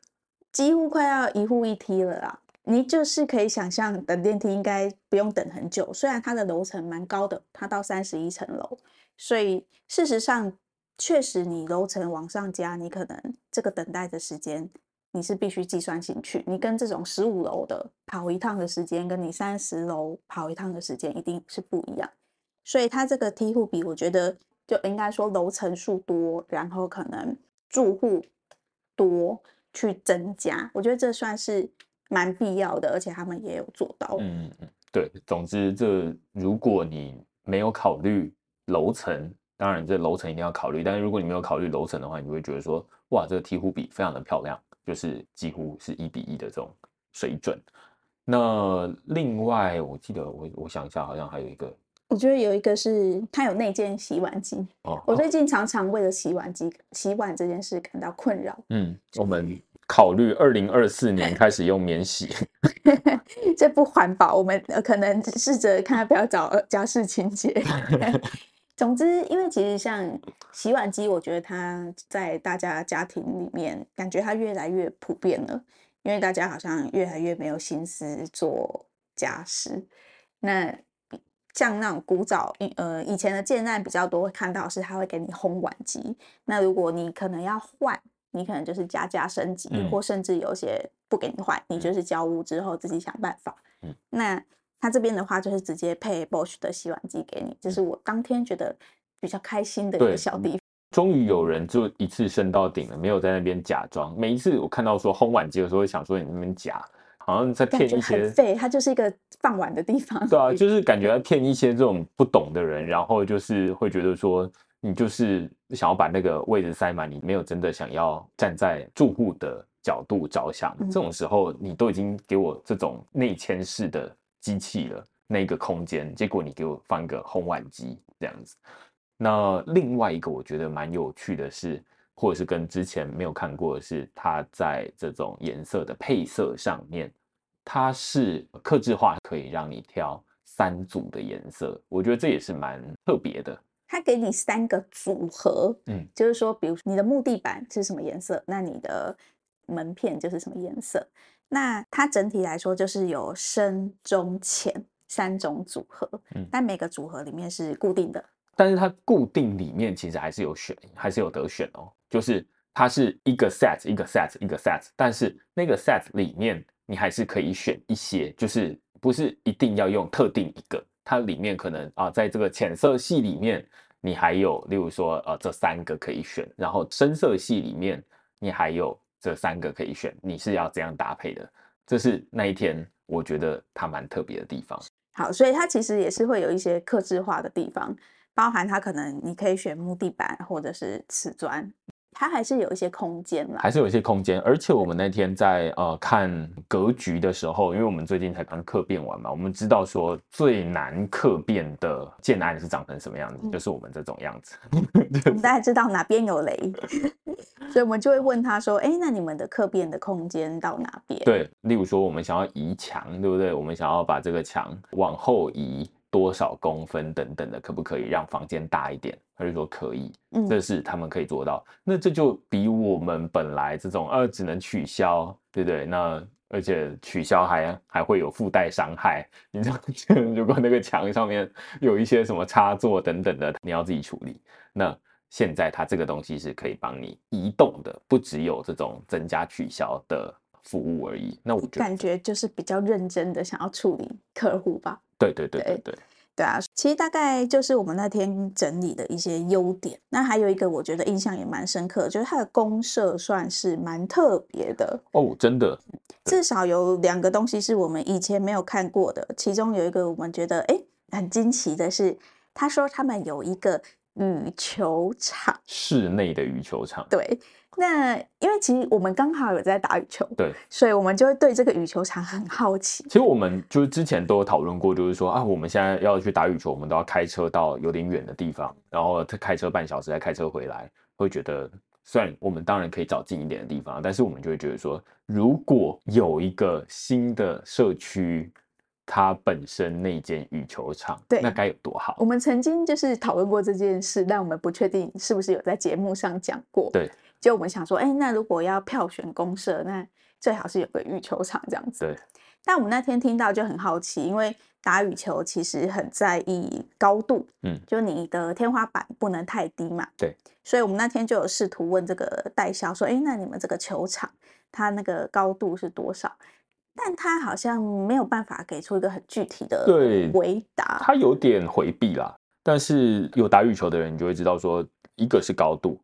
幾乎快要一戶一梯了啦。你就是可以想象等電梯應該不用等很久，雖然它的樓層蠻高的，它到三十一層樓。所以，事實上，確實，你樓層往上加，你可能這個等待的時間你是必須計算進去。你跟這種十五樓的跑一趟的時間，跟你三十樓跑一趟的時間一定是不一樣。所以，它這個梯戶比，我覺得就應該說樓層數多，然後可能住戶多去增加，我覺得這算是蠻必要的，而且他們也有做到。嗯嗯，對。總之，這如果你沒有考慮。樓層當然，這樓層一定要考慮。但是如果你沒有考慮樓層的話，你會覺得說，哇，這個梯戶比非常的漂亮，就是幾乎是一比一的這種水準。那另外，我記得我我想一下，好像還有一個，我覺得有一個是它有內建洗碗機哦。我最近常常為了洗碗機、哦、洗碗這件事感到困擾。嗯，我們考慮二零二四年開始用免洗， 這不環保。我們可能試着看要不要找家事清潔。 總之，因為其實像洗碗機，我覺得它在大家家庭裡面，感覺它越來越普遍了。因為大家好像越來越沒有心思做家事。那像那種古早，呃，以前的建案比較多會看到是他會給你烘碗機。那如果你可能要換，你可能就是加價升級，或甚至有些不給你換，你就是交屋之後自己想辦法。嗯。那。他這邊的話就是直接配 Bosch 的洗碗機給你，就是我當天覺得比較開心的一個小地方。終於有人就一次升到頂了，沒有在那邊假裝。每一次我看到說烘碗機的時候，會想說你那邊假，好像在騙一些。對，它就是一個放碗的地方。對啊，就是感覺在騙一些這種不懂的人，然後就是會覺得說你就是想要把那個位置塞滿，你沒有真的想要站在住戶的角度着想。嗯、這種時候，你都已經給我這種內嵌式的機器了那個空間，結果你給我放一個烘碗機這樣子。那另外一個我覺得蠻有趣的是，或者是跟之前沒有看過的是，它在這種顏色的配色上面，它是客製化，可以讓你挑三組的顏色。我覺得這也是蠻特別的。它給你三個組合，嗯，就是說，比如你的木地板是什麼顏色，那你的門片就是什麼顏色。那它整體來說就是有深、中、淺三種組合，嗯，但每個組合裡面是固定的。但是它固定裡面其實還是有選，還是有得選哦。就是它是一個 set，一個 set，一個 set，但是那個 set 裡面你還是可以選一些，就是不是一定要用特定一個。它裡面可能啊，呃，在這個淺色系裡面，你還有，例如說呃這三個可以選，然後深色系裡面你還有。這三個可以選，你是要這樣搭配的。這是那一天我覺得它蠻特別的地方。好，所以它其實也是會有一些客製化的地方，包含它可能你可以選木地板或者是瓷磚。它還是有一些空間嘛，還是有一些空間。而且我們那天在呃看格局的時候，因為我們最近才剛客變完嘛，我們知道說最難客變的建案是長成什麼樣子，嗯、就是我們這種樣子。大家知道哪邊有雷， 所以我們就會問他說，哎，那你們的客變的空間到哪邊？對，例如說我們想要移牆，對不對？我們想要把這個牆往後移。多少公分等等的，可不可以讓房間大一點？他就說可以，嗯，這是他們可以做到。嗯、那這就比我們本來這種呃、啊、只能取消，對不對，對？那而且取消還還會有附帶傷害，你知道，如果那個牆上面有一些什麼插座等等的，你要自己處理。那現在他這個東西是可以幫你移動的，不只有這種增加取消的服務而已。那我覺得，感覺就是比較認真的想要處理客戶吧。對，對對對對對對，對啊！其實大概就是我們那天整理的一些優點。那還有一個，我覺得印象也蠻深刻，就是它的公設算是蠻特別的哦。真的，至少有兩個東西是我們以前沒有看過的。其中有一個，我們覺得哎很驚奇的是，他說他們有一個羽球場，室內的羽球場。對。那因為其實我們剛好有在打羽球，對，所以我們就會對這個羽球場很好奇。其實我們就是之前都有討論過，就是說啊，我們現在要去打羽球，我們都要開車到有點遠的地方，然後開車半小時再開車回來，會覺得雖然我們當然可以找近一點的地方，但是我們就會覺得說，如果有一個新的社區，它本身那間羽球場，對，那該有多好。我們曾經就是討論過這件事，但我們不確定是不是有在節目上講過，對。就我們想說，哎、欸，那如果要票選公社，那最好是有個羽球場這樣子。對。但我們那天聽到就很好奇，因為打羽球其實很在意高度，嗯，就你的天花板不能太低嘛。對。所以我們那天就有試圖問這個代銷說，哎、欸，那你們這個球場它那個高度是多少？但他好像沒有辦法給出一個很具體的回答，對，他有點回避啦。但是有打羽球的人就會知道，說一個是高度。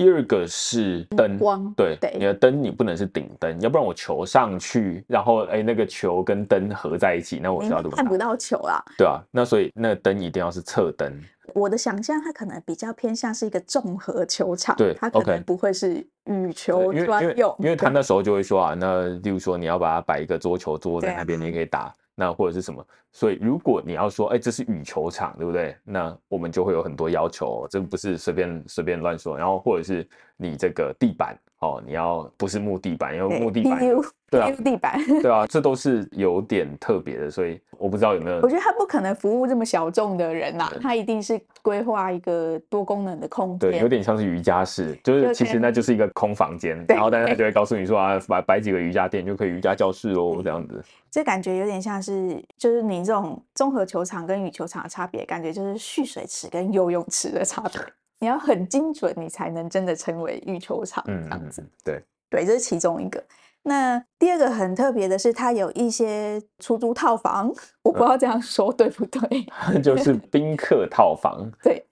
第二個是燈，光對，對你的燈你不能是頂燈，要不然我球上去，然後哎，那個球跟燈合在一起，那我要怎麼看不到球啊。對啊，那所以那個燈一定要是側燈。我的想象，它可能比較偏向是一個綜合球場，對，它可能不會是羽球專用。因為因為，對因為他那時候就會說啊，那例如說你要把它擺一個桌球桌在那邊，你可以打。那或者是什麼？所以如果你要說，哎、欸，這是羽球場，對不對？那我們就會有很多要求，喔，這個不是隨便隨便亂說。然後，或者是你這個地板。哦，你要不是木地板，因為木地板，對，對啊，木地板， 對啊，這都是有點特別的，所以我不知道有沒有。我覺得他不可能服務這麼小眾的人啊，對他一定是規劃一個多功能的空間，對，有點像是瑜伽室，就是其實那就是一個空房間，然後但是他就會告訴你說啊，擺擺幾個瑜伽墊就可以瑜伽教室哦，這樣子。這感覺有點像是，就是你這種綜合球場跟羽球場的差別，感覺就是蓄水池跟游泳池的差別。 你要很精準，你才能真的成為羽球場，這樣子。嗯、對對，這是其中一個。那第二個很特別的是，它有一些出租套房，我不知道這樣說、嗯、對不對，就是賓客套房。 對，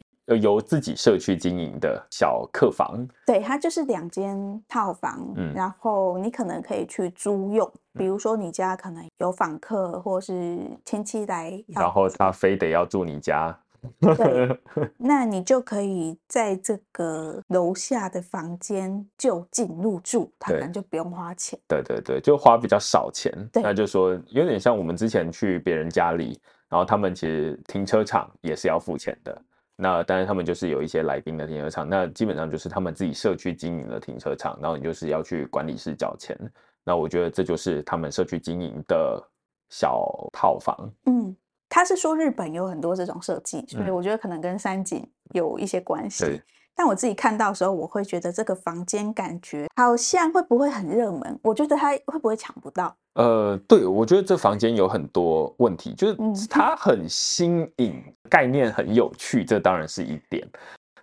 由自己社區經營的小客房。對，它就是兩間套房，嗯、然後你可能可以去租用，比如說你家可能有訪客或是親戚來，然後他非得要住你家。 對，那你就可以在這個樓下的房間就近入住，他可能就不用花錢對。對對對，就花比較少錢。對那就說有點像我們之前去別人家裡，然後他們其實停車場也是要付錢的。那當然，他們就是有一些來賓的停車場，那基本上就是他們自己社區經營的停車場，然後你就是要去管理室繳錢。那我覺得這就是他們社區經營的小套房。嗯。他是說日本有很多這種設計，所以我覺得可能跟三井有一些關係。嗯、但我自己看到的時候，我會覺得這個房間感覺好像會不會很熱門？我覺得他會不會搶不到？呃，對，我覺得這房間有很多問題，就是它很新穎，概念很有趣，這當然是一點。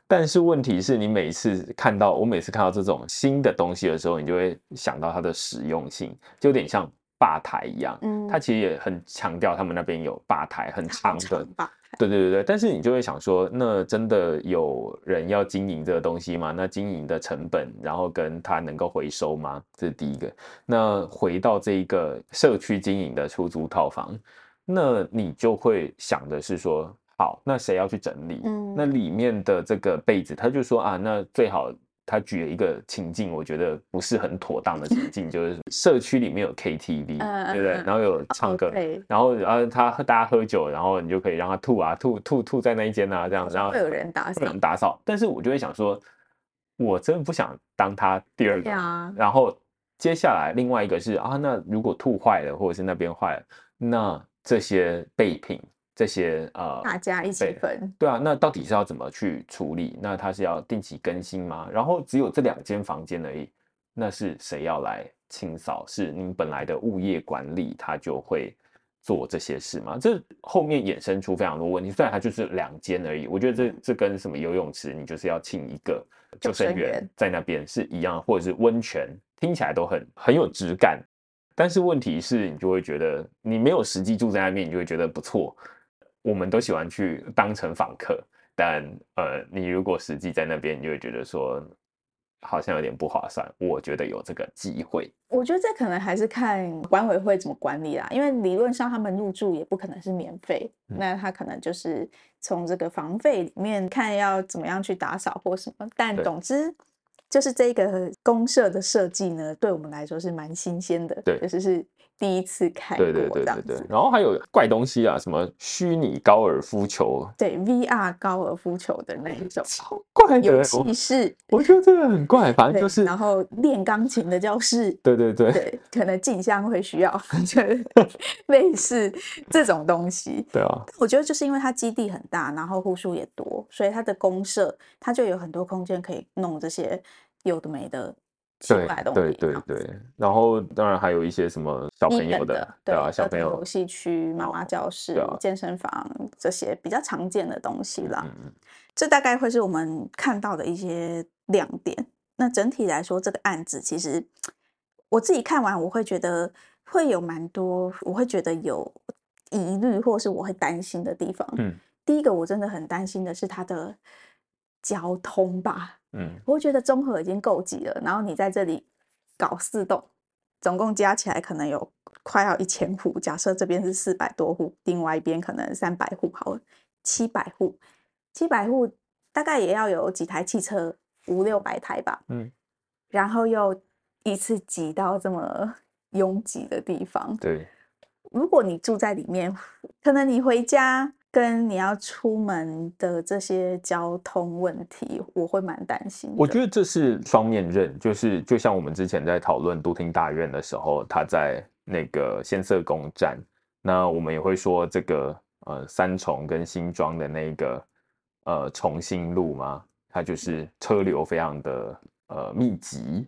但是問題是你每次看到，我每次看到這種新的東西的時候，你就會想到它的實用性，就有點像。吧台一樣，嗯，他其實也很強調他們那邊有吧台，嗯、很長的，吧台。對對對對。但是你就會想說，那真的有人要經營這個東西嗎？那經營的成本，然後跟他能夠回收嗎？這是第一個。那回到這一個社區經營的出租套房，那你就會想的是說，好，那誰要去整理？嗯，那裡面的這個被子，他就說啊，那最好。他舉了一個情境，我覺得不是很妥當的情境， 就是社區裡面有 KTV，、uh, 對不對？Uh, 然後有唱歌，okay. 然後然後、呃、他大家喝酒，然後你就可以讓他吐啊，吐吐吐在那一間啊，這樣，然後會有人打掃，會有人打掃。但是我就會想說，我真的不想當他第二個。啊、然後接下來，另外一個是啊，那如果吐壞了，或者是那邊壞了，那這些備品。這些呃，大家一起分對，對啊，那到底是要怎麼去處理？那他是要定期更新嗎？然後只有這兩間房間而已，那是誰要來清掃？是你本來的物業管理他就會做這些事嗎？這後面衍生出非常多問題。雖然它就是兩間而已，我覺得這這跟什麼游泳池，你就是要請一個救生員在那邊是一樣，或者是溫泉，聽起來都很很有質感。但是問題是你就會覺得你沒有實際住在那邊，你就會覺得不錯。我們都喜歡去當成訪客，但呃，你如果實際在那邊，你就會覺得說，好像有點不划算。我覺得有這個機會，我覺得這可能還是看管委會怎麼管理啦，因為理論上他們入住也不可能是免費，嗯、那他可能就是從這個房費裡面，看要怎麼樣去打掃或什麼。但總之，就是這個公社的設計呢，對我們來說是蠻新鮮的，確實，對，就是。第一次開，對對對對對，然後還有怪東西啊，什麼虛擬高爾夫球，對 VR 高爾夫球的那一種，超怪的有氣勢，我覺得這個很怪，反正就是然後練鋼琴的教室，對，對對對，對可能靜香會需要對 類似這種東西，對啊，我覺得就是因為它基地很大，然後戶數也多，所以它的公設它就有很多空間可以弄這些有的沒的。的對對對對，對，然後當然還有一些什麼小朋友的，的。對啊，對小朋友遊戲區、媽媽教室、啊、健身房這些比較常見的東西啦。嗯嗯，這大概會是我們看到的一些亮點。那整體來說，這個案子其實我自己看完，我會覺得會有蠻多，我會覺得有疑慮，或是我會擔心的地方。嗯，第一個我真的很擔心的是它的交通吧。嗯，我覺得中和已經夠擠了，然後你在這裡搞四棟，總共加起來可能有快要一千戶。假設這邊是四百多戶，另外一邊可能三百戶，好，七百戶，七百戶大概也要有幾台汽車，五六百台吧。嗯，然後又一次擠到這麼擁擠的地方。對，如果你住在裡面，可能你回家。跟你要出門的這些交通問題，我會蠻擔心。我覺得這是雙面刃，就是就像我們之前在討論都廳大院的時候，他在那個先嗇宮站，那我們也會說這個呃三重跟新莊的那個呃重新路嘛，它就是車流非常的呃密集，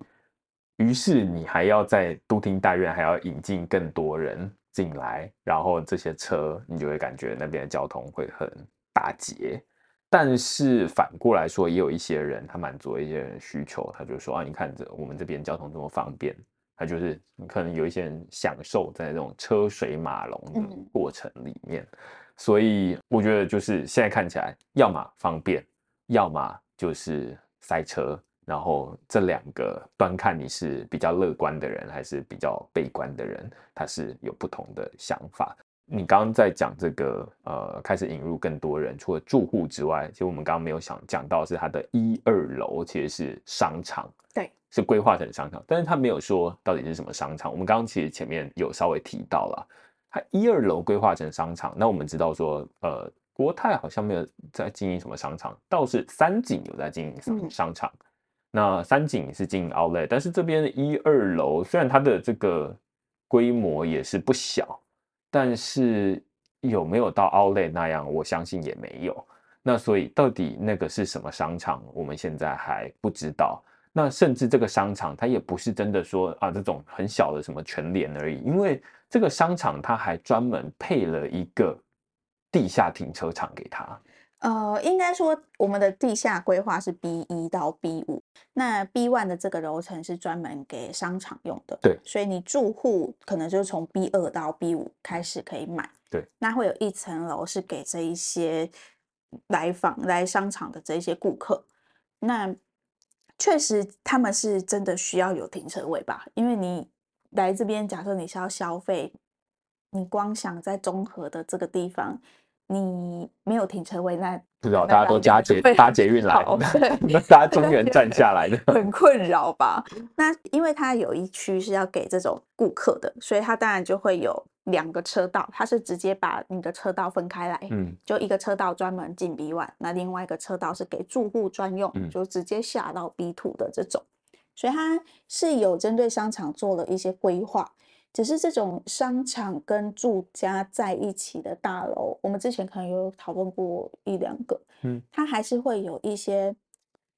於是你還要在都廳大院還要引進更多人。進來，然後這些車，你就會感覺那邊的交通會很打結。但是反過來說，也有一些人，他滿足一些人需求，他就說啊，你看着我們這邊交通這麼方便，他就是可能有一些人享受在這種車水馬龍的過程裡面。所以我覺得就是現在看起來，要麼方便，要麼就是塞車。然後這兩個端看你是比較樂觀的人還是比較悲觀的人，他是有不同的想法。你剛剛在講這個，呃，開始引入更多人，除了住戶之外，其實我們剛剛沒有想講到是他的一二樓其實是商場，對，是規劃成商場，但是他沒有說到底是什麼商場。我們剛剛其實前面有稍微提到了，他一二樓規劃成商場，那我們知道說，呃，國泰好像沒有在經營什麼商場，倒是三井有在經營商商場，嗯。那三井是經營 Outlet，但是這邊一二樓雖然它的這個規模也是不小，但是有沒有到 Outlet 那樣，我相信也沒有。那所以到底那個是什麼商場，我們現在還不知道。那甚至這個商場它也不是真的說啊這種很小的什麼全聯而已，因為這個商場它還專門配了一個地下停車場給他。呃，應該說我們的地下規劃是 B 一到 B 五，那 B one 的這個樓層是專門給商場用的，對，所以你住戶可能就從 B 二到 B 五開始可以買，對，那會有一層樓是給這一些來訪來商場的這一些顧客，那確實他們是真的需要有停車位吧？因為你來這邊，假設你是要消費，你光想在中和的這個地方。你沒有停車位，那不知道大家都加捷搭捷運來 對 大家中原站下來的， 很困擾吧？那因為它有一區是要給這種顧客的，所以它當然就會有兩個車道，它是直接把你的車道分開來，嗯，就一個車道專門進 B one，嗯、那另外一個車道是給住戶專用，就直接下到 B two 的這種，所以它是有針對商場做了一些規劃。只是這種商場跟住家在一起的大樓，我們之前可能有討論過一兩個，嗯，它還是會有一些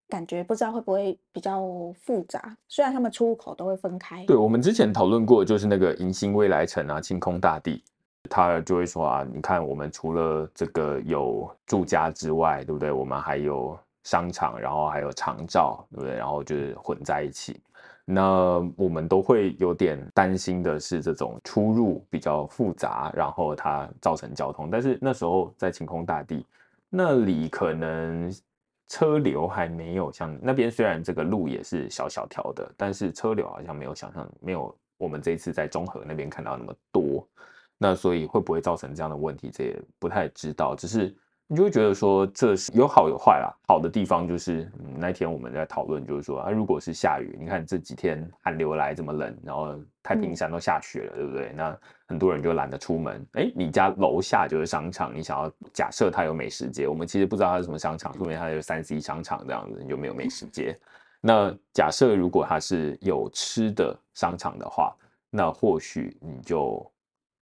感覺，不知道會不會比較複雜。雖然他們出入口都會分開，對，我們之前討論過，就是那個迎新未來城啊、清空大地，他就會說啊，你看我們除了這個有住家之外，對不對？我們還有商場，然後還有長照，對不對？然後就是混在一起。那我們都會有點擔心的是，這種出入比較複雜，然後它造成交通。但是那時候在晴空大地那裡，可能車流還沒有像那邊，雖然這個路也是小小條的，但是車流好像沒有想象，沒有我們這一次在中和那邊看到那麼多。那所以會不會造成這樣的問題，這也不太知道，只是。你就會覺得說這是有好有壞啦。好的地方就是、嗯、那天我們在討論，就是說啊，如果是下雨，你看這幾天寒流來這麼冷，然後太平山都下雪了，嗯、對不對？那很多人就懶得出門。誒，你家樓下就是商場，你想要假設它有美食街，我們其實不知道它是什麼商場，說不定它有三 C 商場這樣子，有沒有美食街？那假設如果它是有吃的商場的話，那或許你就。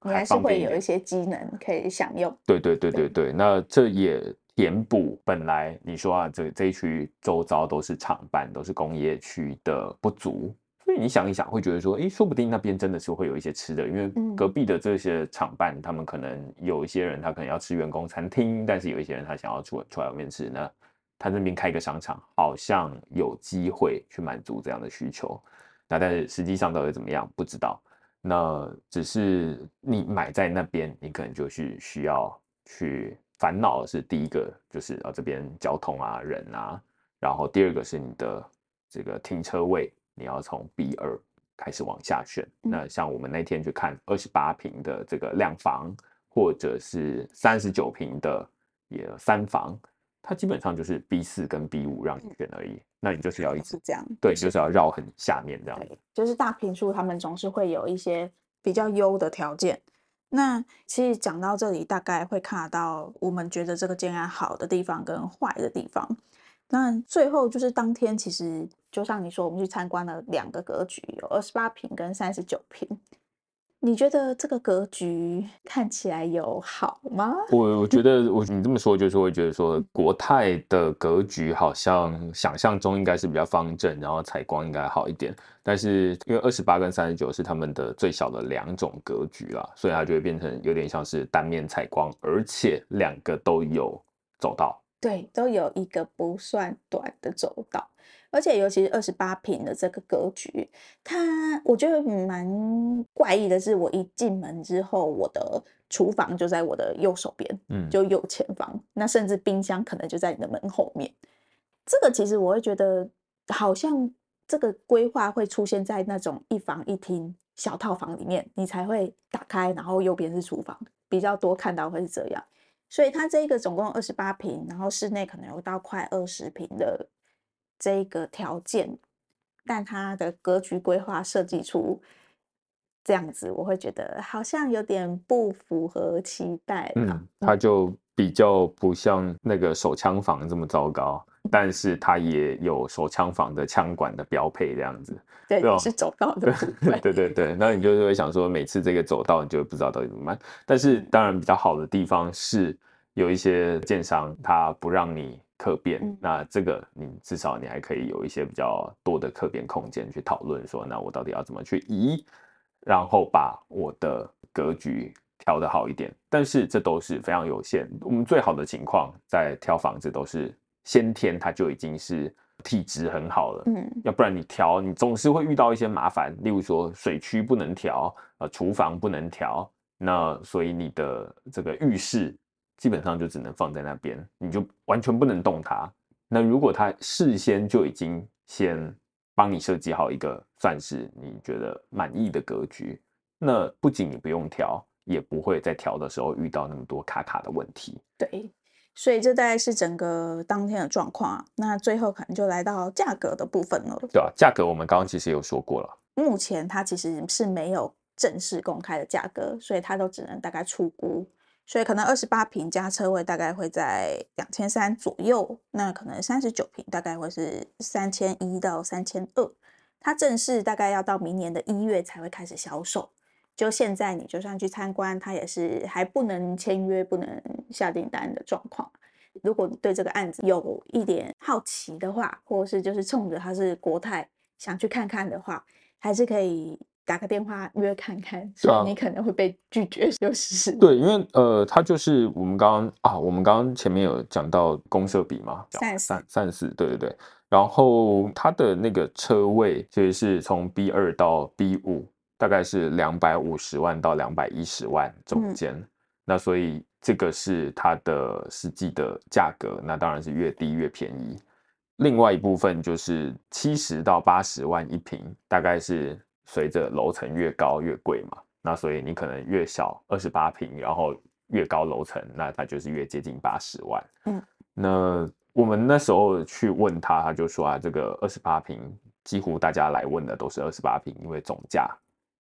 你還是會有一些機能可以享用。對對對對對，對那這也填補本來你說啊，這這一區周遭都是廠辦，都是工業區的不足。所以你想一想，會覺得說，哎，說不定那邊真的是會有一些吃的，因為隔壁的這些廠辦，嗯、他們可能有一些人他可能要吃員工餐廳，但是有一些人他想要出來出來外面吃呢，那他那邊開一個商場，好像有機會去滿足這樣的需求。那但是實際上到底怎麼樣，不知道。那只是你買在那邊，你可能就是需要去煩惱的是第一個，就是啊這邊交通啊、人啊，然後第二個是你的這個停車位，你要從 B2 開始往下選。那像我們那天去看二十八坪的這個兩房，或者是三十九坪的也三房。它基本上就是 B 四跟 B 五讓你選而已，嗯、那你就是要一直這樣，對，就是要繞很下面這樣子。就是大坪數他們總是會有一些比較優的條件。那其實講到這裡，大概會看到我們覺得這個建案好的地方跟壞的地方。那最後就是當天，其實就像你說，我們去參觀了兩個格局，有二十八坪跟三十九坪。你覺得這個格局看起來有好嗎？我 我覺得我你這麼說就是會覺得說，國泰的格局好像想象中應該是比較方正，然後採光應該好一點。但是因為二十八跟三十九是他們的最小的兩種格局啦，所以它就會變成有點像是單面採光，而且兩個都有走道。對，都有一個不算短的走道。而且尤其是二十八坪的這個格局，它，我覺得蠻怪異的是，我一進門之後，我的廚房就在我的右手邊，嗯，就右前方。嗯、那甚至冰箱可能就在你的門後面。這個其實我會覺得，好像這個規劃會出現在那種一房一廳小套房裡面，你才會打開，然後右邊是廚房，比較多看到會是這樣。所以它這個總共二十八坪，然後室內可能有到快二十坪的這一個條件，但它的格局規劃設計出這樣子，我會覺得好像有點不符合期待。嗯，它就比較不像那個手槍房這麼糟糕，嗯、但是它也有手槍房的槍管的標配這樣子，對，種你是走道的對， 對對對，那你就會想說，每次這個走道你就會不知道到底怎麼辦。嗯、但是當然比較好的地方是有一些建商，他不讓你。客變，課嗯、那這個你至少你還可以有一些比較多的客變空間去討論，說那我到底要怎麼去移，然後把我的格局調得好一點。但是這都是非常有限。我們最好的情況在挑房子，都是先天它就已經是體質很好了。嗯，要不然你調，你總是會遇到一些麻煩，例如說水區不能調，廚房不能調，那所以你的這個浴室。基本上就只能放在那邊，你就完全不能動它。那如果他事先就已經先幫你設計好一個算是你覺得滿意的格局，那不僅你不用調，也不會在調的時候遇到那麼多卡卡的問題。對，所以這大概是整個當天的狀況。那最後可能就來到價格的部分了。對啊，價格我們剛剛其實也有說過了，目前它其實是沒有正式公開的價格，所以它都只能大概粗估。所以可能二十八坪加車位大概會在兩千三左右，那可能三十九坪大概會是三千一到三千二。它正式大概要到明年的一月才會開始銷售，就現在你就算去參觀，它也是還不能簽約，不能下訂單的狀況。如果你對這個案子有一點好奇的話，或是就是衝着它是國泰想去看看的話，還是可以，打個電話約看看，啊、所以你可能會被拒絕，就是對，因為呃，它就是我們剛剛啊，我們剛剛前面有講到公設比嘛，三三四三四，對對對，然後它的那個車位其實是從 B 二到 B 五，大概是兩百五十萬到兩百一十萬中間，嗯、那所以這個是它的實際的價格，那當然是越低越便宜。另外一部分就是七十到八十萬一平，大概是。隨着樓層越高越貴嘛，那所以你可能越小二十八坪，然後越高樓層，那它就是越接近八十萬。嗯，那我們那時候去問他，他就說啊，這個二十八坪，幾乎大家來問的都是二十八坪，因為總價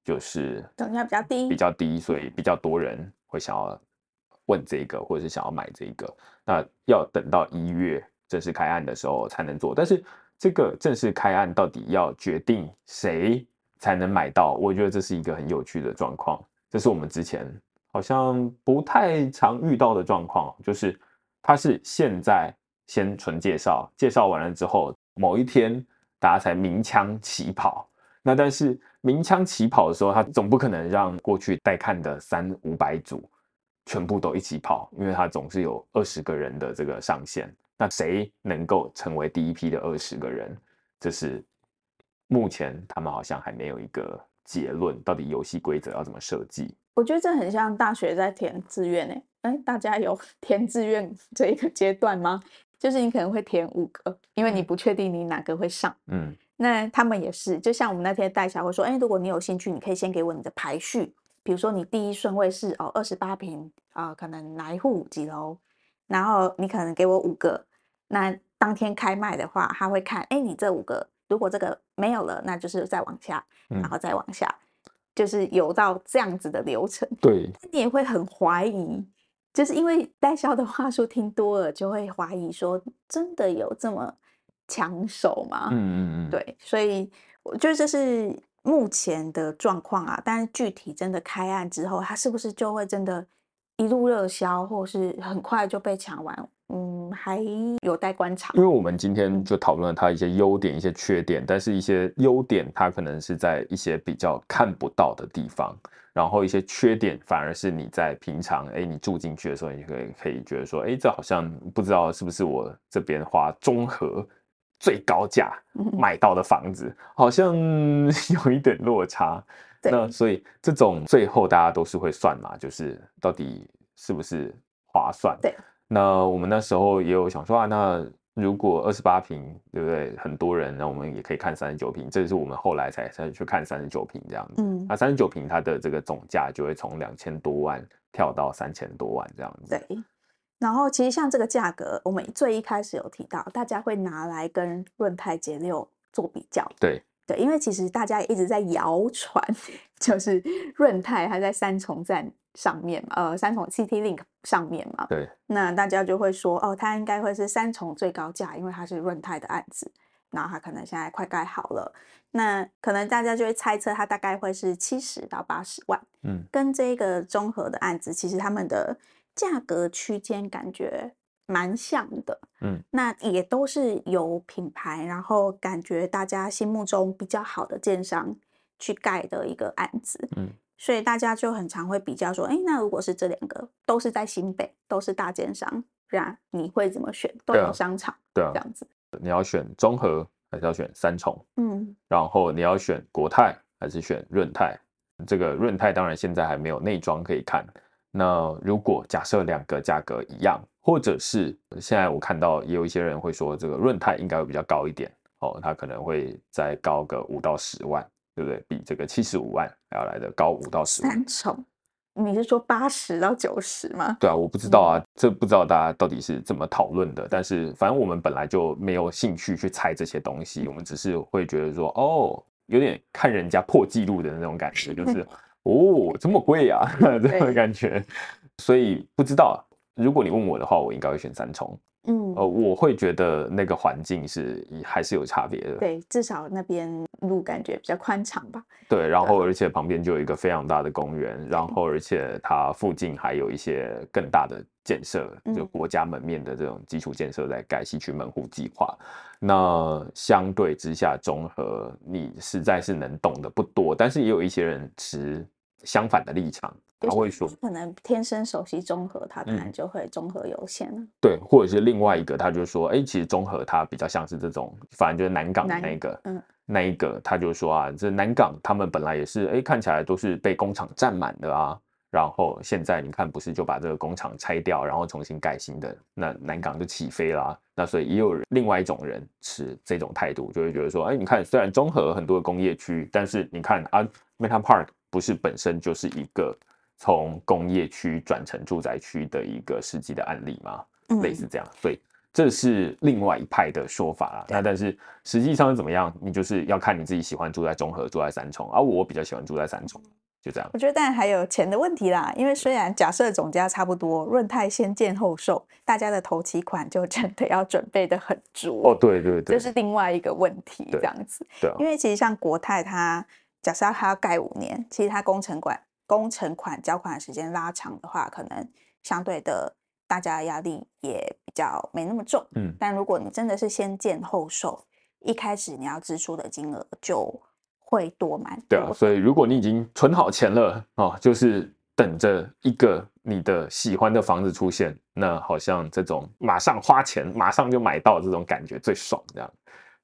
就是總價比較低，比較低，所以比較多人會想要問這個，或者是想要買這個。那要等到一月正式開案的時候才能做，但是這個正式開案到底要決定誰？才能買到，我覺得這是一個很有趣的狀況，這是我們之前好像不太常遇到的狀況，就是它是現在先純介紹，介紹完了之後，某一天大家才鳴槍起跑。那但是鳴槍起跑的時候，他總不可能讓過去帶看的三五百組全部都一起跑，因為他總是有二十個人的這個上限。那誰能夠成為第一批的二十個人，這是？目前他們好像還沒有一個結論，到底遊戲規則要怎麼設計？我覺得這很像大學在填志願誒，哎，大家有填志願這一個階段嗎？就是你可能會填五個，因為你不確定你哪個會上。嗯，那他們也是，就像我們那天帶小孩會說，哎，如果你有興趣，你可以先給我你的排序，比如說你第一順位是哦二十八平啊，可能哪一戶五幾樓，然後你可能給我五個，那當天開賣的話，他會看，哎，你這五個。如果這個沒有了，那就是再往下，嗯、然後再往下，就是有到這樣子的流程。對，你也會很懷疑，就是因為代銷的話術聽多了，就會懷疑說，真的有這麼搶手嗎？嗯嗯嗯，對。所以我覺得這是目前的狀況啊。但是具體真的開案之後，它是不是就會真的一路熱銷，或是很快就被搶完？嗯，還有待觀察。因為我們今天就討論了它一些優點，一些缺點。嗯、但是，一些優點它可能是在一些比較看不到的地方，然後一些缺點反而是你在平常，哎、欸，你住進去的時候，你可以可以覺得說，哎、欸，這好像不知道是不是我這邊花綜合最高價買到的房子，嗯、好像有一點落差。對那所以這種最後大家都是會算嘛，就是到底是不是划算？對。那我們那時候也有想說啊，那如果二十八平，對不對？很多人，那我們也可以看三十九平。這是我們後來才才去看三十九平這樣嗯，那三十九平它的這個總價就會從兩千多萬跳到三千多萬這樣子。對。然後其實像這個價格，我們最一開始有提到，大家會拿來跟潤泰杰六做比較。對對，因為其實大家也一直在謠傳，就是潤泰它在三重站上面呃，三重 CT Link。上面嘛，對，那大家就會說，哦，它應該會是三重最高價，因為它是潤泰的案子，然後它可能現在快蓋好了，那可能大家就會猜測它大概會是七十到八十萬，嗯，跟這個中和的案子，其實他們的價格區間感覺蠻像的，嗯，那也都是有品牌，然後感覺大家心目中比較好的建商去蓋的一個案子，嗯。所以大家就很常會比較說，哎，那如果是這兩個都是在新北，都是大建商，對你會怎麼選？都有商場，對啊，對啊，這樣子。你要選中和還是要選三重？嗯。然後你要選國泰還是選潤泰？這個潤泰當然現在還沒有內裝可以看。那如果假設兩個價格一樣，或者是現在我看到也有一些人會說，這個潤泰應該會比較高一點哦，它可能會再高個五到十萬。對不對？比這個七十五萬還要來的高五到十萬，三成？你是說八十到九十嗎？對啊，我不知道啊，嗯、這不知道大家到底是怎麼討論的。但是反正我們本來就沒有興趣去猜這些東西，我們只是會覺得說，哦，有點看人家破紀錄的那種感覺，就是哦這麼貴呀、啊，這樣的感覺，對所以不知道。如果你問我的話，我應該會選三重。嗯，呃，我會覺得那個環境是還是有差別的。對，至少那邊路感覺比較寬敞吧。對，然後而且旁邊就有一個非常大的公園，嗯、然後而且它附近還有一些更大的建設，嗯、就國家門面的這種基礎建設在蓋，西區門戶計劃。嗯、那相對之下，中和，你實在是能動的不多，但是也有一些人持相反的立場。他會說，可能天生熟悉中和，他可能就會中和優先。對，或者是另外一個，他就說：“哎，其實中和它比較像是這種，反正就是南港的那一個，嗯，那一個，他就說啊，這南港他們本來也是，哎，看起來都是被工廠占滿的啊。然後現在你看，不是就把這個工廠拆掉，然後重新蓋新的，那南港就起飛了啊。那所以也有人，另外一種人持這種態度，就會覺得說：哎，你看，雖然中和很多的工業區，但是你看啊 Meta Park 不是本身就是一個。”從工業區轉成住宅區的一個實際的案例嘛，嗯、類似這樣，所以這是另外一派的說法啦。對那但是實際上是怎麼樣？你就是要看你自己喜歡住在中和，住在三重，而、啊、我比較喜歡住在三重，就這樣。我覺得當然還有錢的問題啦，因為雖然假設總價差不多，潤泰先建後售，大家的頭期款就真的要準備得很足哦。對對對，這是另外一個問題，這樣子。對，對啊、因為其實像國泰它，它假設它要蓋五年，其實它工程款。工程款交款的時間拉長的話，可能相對的大家的壓力也比較沒那麼重，嗯。但如果你真的是先建後售，一開始你要支出的金額就會多蠻多。對啊，所以如果你已經存好錢了，哦，就是等着一個你的喜歡的房子出現，那好像這種馬上花錢馬上就買到這種感覺最爽，這樣。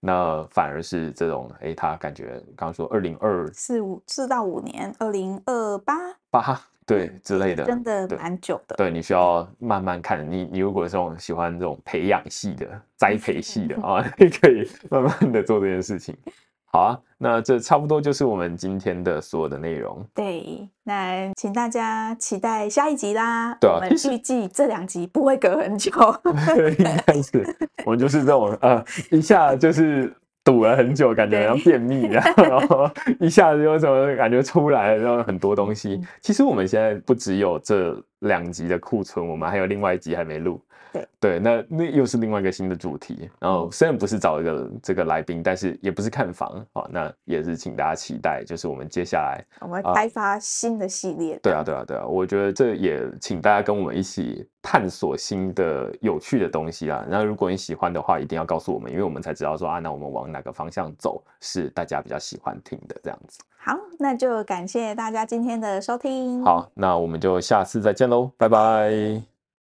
那反而是這種，欸、他感覺剛說二零二四五四到五年，二零二八八對、嗯、之類的，真的蠻久的。對，對你需要慢慢看，你你如果是這種喜歡這種培養系的、栽培系的 啊，你可以慢慢的做這件事情。好啊，那這差不多就是我們今天的所有的內容。對，那請大家期待下一集啦。對啊，我們預計這兩集不會隔很久。對 應該是，我們就是這種，呃，一下就是堵了很久，感覺要便秘一樣，對然後一下子又什麼感覺出不來然後很多東西。嗯，其實我們現在不只有這兩集的庫存，我們還有另外一集還沒錄。對，那那又是另外一個新的主題。然後雖然不是找一個、嗯、這個來賓，但是也不是看房好、哦，那也是請大家期待，就是我們接下來我們開發新的系列、啊啊。對啊，對啊，對啊，我覺得這也請大家跟我們一起探索新的有趣的東西啊。那如果你喜歡的話，一定要告訴我們，因為我們才知道說啊，那我們往哪個方向走是大家比較喜歡聽的這樣子。好，那就感謝大家今天的收聽。好，那我們就下次再見嘍，拜拜。